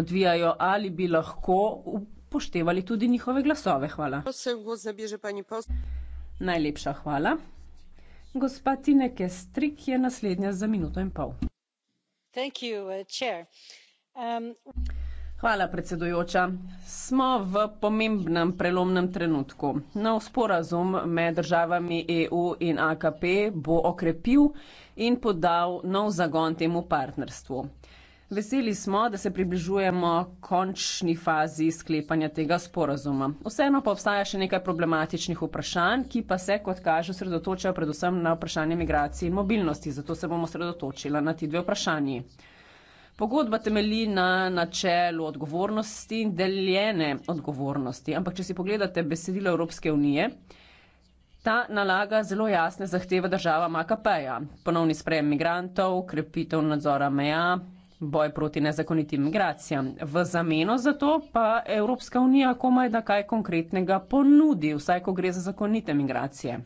odvijajo, ali bi lahko upoštevali tudi njihove glasove. Hvala. Najlepša hvala. Gospa Tine Kestrik je naslednja za minuto in pol. Thank you, uh, chair. Um... Hvala, predsedujoča. Smo v pomembnem prelomnem trenutku. Nov sporazum med državami EU in AKP bo okrepil in podal nov zagon temu partnerstvu. Veseli smo, da se približujemo končni fazi sklepanja tega sporazuma. Vseeno pa obstaja še nekaj problematičnih vprašanj, ki pa se, kot kaže, osredotočajo predvsem na vprašanje migracije in mobilnosti. Zato se bomo osredotočila na ti dve vprašanji. Pogodba temelji na načelu odgovornosti in deljene odgovornosti. Ampak, če si pogledate besedilo Evropske unije, ta nalaga zelo jasne zahteve državam AKP-ja. Ponovni sprejem migrantov, krepitev nadzora meja, boj proti nezakonitim migracijam. V zameno za to pa Evropska unija komaj da kaj konkretnega ponudi, vsaj ko gre za zakonite migracije.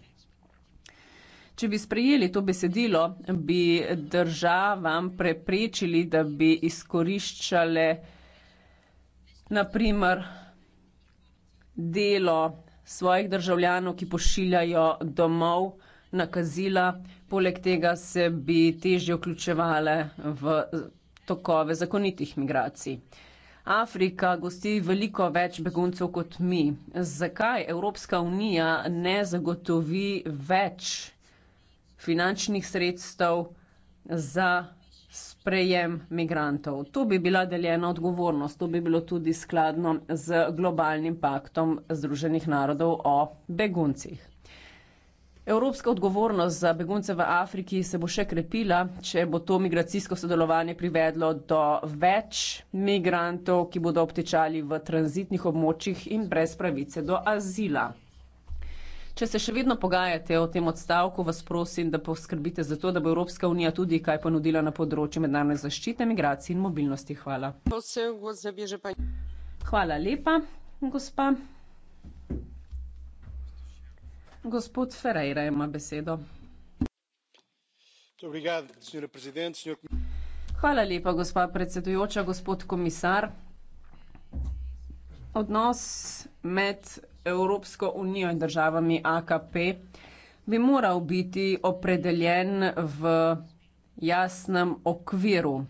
Če bi sprejeli to besedilo, bi državam preprečili, da bi izkoriščale naprimer delo svojih državljanov, ki pošiljajo domov nakazila, poleg tega se bi težje vključevale v tokove zakonitih migracij. Afrika gosti veliko več beguncev kot mi. Zakaj Evropska unija ne zagotovi več? finančnih sredstev za sprejem migrantov. To bi bila deljena odgovornost, to bi bilo tudi skladno z globalnim paktom Združenih narodov o beguncih. Evropska odgovornost za begunce v Afriki se bo še krepila, če bo to migracijsko sodelovanje privedlo do več migrantov, ki bodo obtečali v tranzitnih območjih in brez pravice do azila. Če se še vedno pogajate o tem odstavku, vas prosim, da poskrbite za to, da bo Evropska unija tudi kaj ponudila na področju mednarodne zaščite, migracij in mobilnosti. Hvala. Hvala lepa, gospa. Gospod Ferreira ima besedo. Hvala lepa, gospa predsedujoča, gospod komisar. Odnos med Evropsko unijo in državami AKP, bi moral biti opredeljen v jasnem okviru,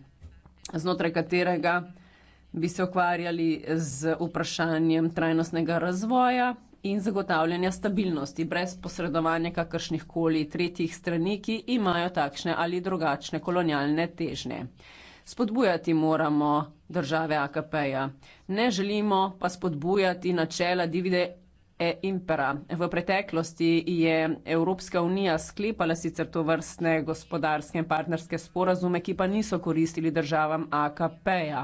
znotraj katerega bi se ukvarjali z vprašanjem trajnostnega razvoja in zagotavljanja stabilnosti, brez posredovanja kakršnih koli tretjih strani, ki imajo takšne ali drugačne kolonialne težnje. Spodbujati moramo države AKP-ja. Ne želimo pa spodbujati načela divide E-impera. V preteklosti je Evropska unija sklepala sicer to vrstne gospodarske in partnerske sporazume, ki pa niso koristili državam AKP-ja.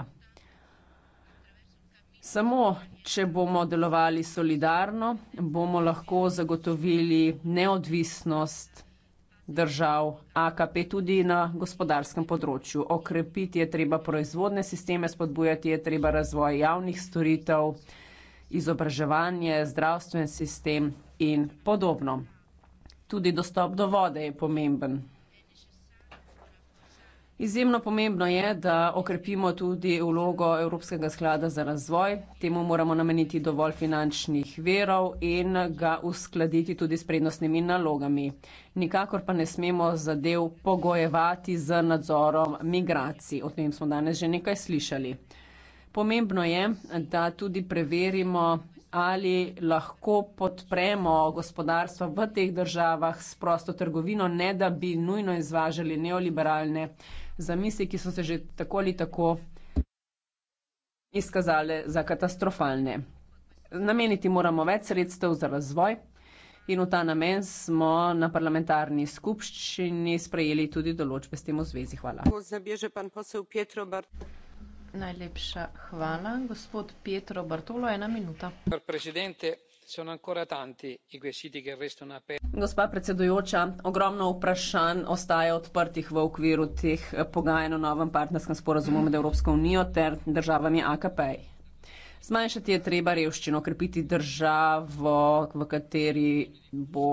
Samo, če bomo delovali solidarno, bomo lahko zagotovili neodvisnost držav AKP tudi na gospodarskem področju. Okrepiti je treba proizvodne sisteme, spodbujati je treba razvoj javnih storitev izobraževanje, zdravstveni sistem in podobno. Tudi dostop do vode je pomemben. Izjemno pomembno je, da okrepimo tudi vlogo Evropskega sklada za razvoj. Temu moramo nameniti dovolj finančnih verov in ga uskladiti tudi s prednostnimi nalogami. Nikakor pa ne smemo zadev pogojevati z nadzorom migracij. O tem smo danes že nekaj slišali. Pomembno je, da tudi preverimo, ali lahko podpremo gospodarstvo v teh državah s prosto trgovino, ne da bi nujno izvažali neoliberalne zamisli, ki so se že tako ali tako izkazale za katastrofalne. Nameniti moramo več sredstev za razvoj in v ta namen smo na parlamentarni skupščini sprejeli tudi določbe s tem v zvezi. Hvala. Pozabije, Najlepša hvala. Gospod Pietro Bartolo, ena minuta. Gospa predsedujoča, ogromno vprašanj ostaja odprtih v okviru teh eh, pogajanj o novem partnerskem sporazumu med Evropsko unijo ter državami AKP. Zmanjšati je treba revščino, krepiti državo, v kateri bo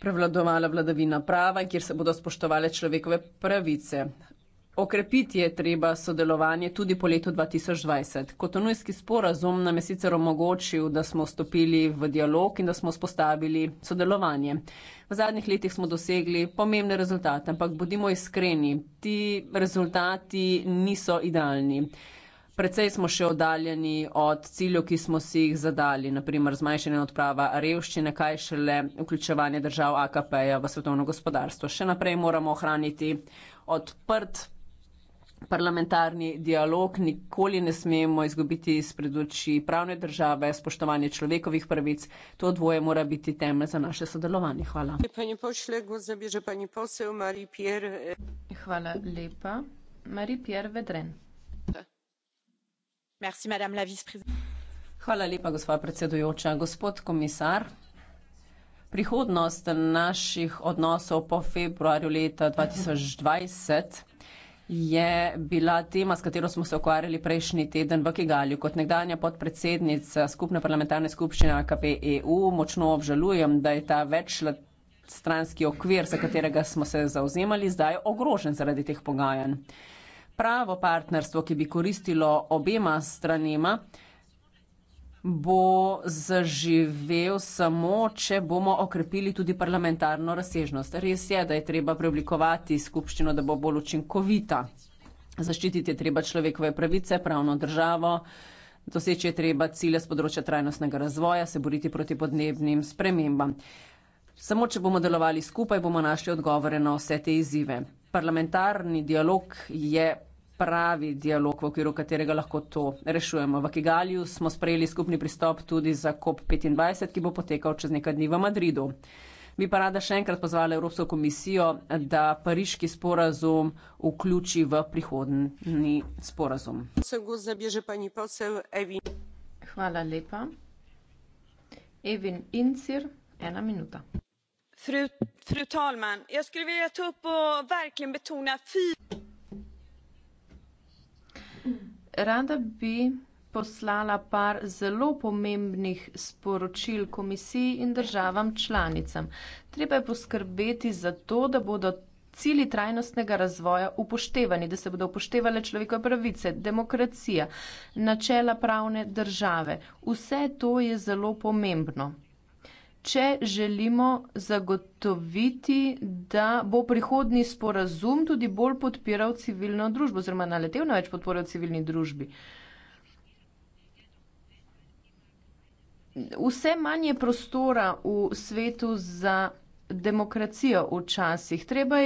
prevladovala vladavina prava in kjer se bodo spoštovale človekove pravice. Okrepiti je treba sodelovanje tudi po letu 2020. Kotonujski sporazum nam je sicer omogočil, da smo stopili v dialog in da smo spostavili sodelovanje. V zadnjih letih smo dosegli pomembne rezultate, ampak bodimo iskreni, ti rezultati niso idealni. Predvsej smo še oddaljeni od ciljev, ki smo si jih zadali, naprimer zmanjšanje odprava revščine, kaj šele vključevanje držav AKP-ja v svetovno gospodarstvo. Še naprej moramo ohraniti odprt Parlamentarni dialog nikoli ne smemo izgubiti iz pred oči pravne države, spoštovanje človekovih pravic. To dvoje mora biti temelj za naše sodelovanje. Hvala. E, Hvala lepa. Marie-Pierre Vedren. Hvala lepa, gospa predsedujoča. Gospod komisar. Prihodnost naših odnosov po februarju leta 2020 je bila tema, s katero smo se ukvarjali prejšnji teden v Kigalju. Kot nekdanja podpredsednica skupne parlamentarne skupščine AKP-EU močno obžalujem, da je ta več stranski okvir, za katerega smo se zauzemali, zdaj ogrožen zaradi teh pogajanj. Pravo partnerstvo, ki bi koristilo obema stranima, bo zaživel samo, če bomo okrepili tudi parlamentarno razsežnost. Res je, da je treba preoblikovati skupščino, da bo bolj učinkovita. Zaščititi je treba človekove pravice, pravno državo, doseči je treba cilje z področja trajnostnega razvoja, se boriti proti podnebnim spremembam. Samo, če bomo delovali skupaj, bomo našli odgovore na vse te izzive. Parlamentarni dialog je pravi dialog, v okviru katerega lahko to rešujemo. V Kigalju smo sprejeli skupni pristop tudi za COP25, ki bo potekal čez nekaj dni v Madridu. Bi pa rada še enkrat pozvala Evropsko komisijo, da pariški sporazum vključi v prihodni sporazum. Hvala lepa. Evin Incir, ena minuta. Fru, fru talman, jaz skulle vilja ta upp og verkligen betona fyr. Rada bi poslala par zelo pomembnih sporočil komisiji in državam članicam. Treba je poskrbeti za to, da bodo cili trajnostnega razvoja upoštevani, da se bodo upoštevale človekove pravice, demokracija, načela pravne države. Vse to je zelo pomembno če želimo zagotoviti, da bo prihodni sporazum tudi bolj podpiral civilno družbo oziroma naletev na več podpore v civilni družbi. Vse manj je prostora v svetu za demokracijo včasih. Treba je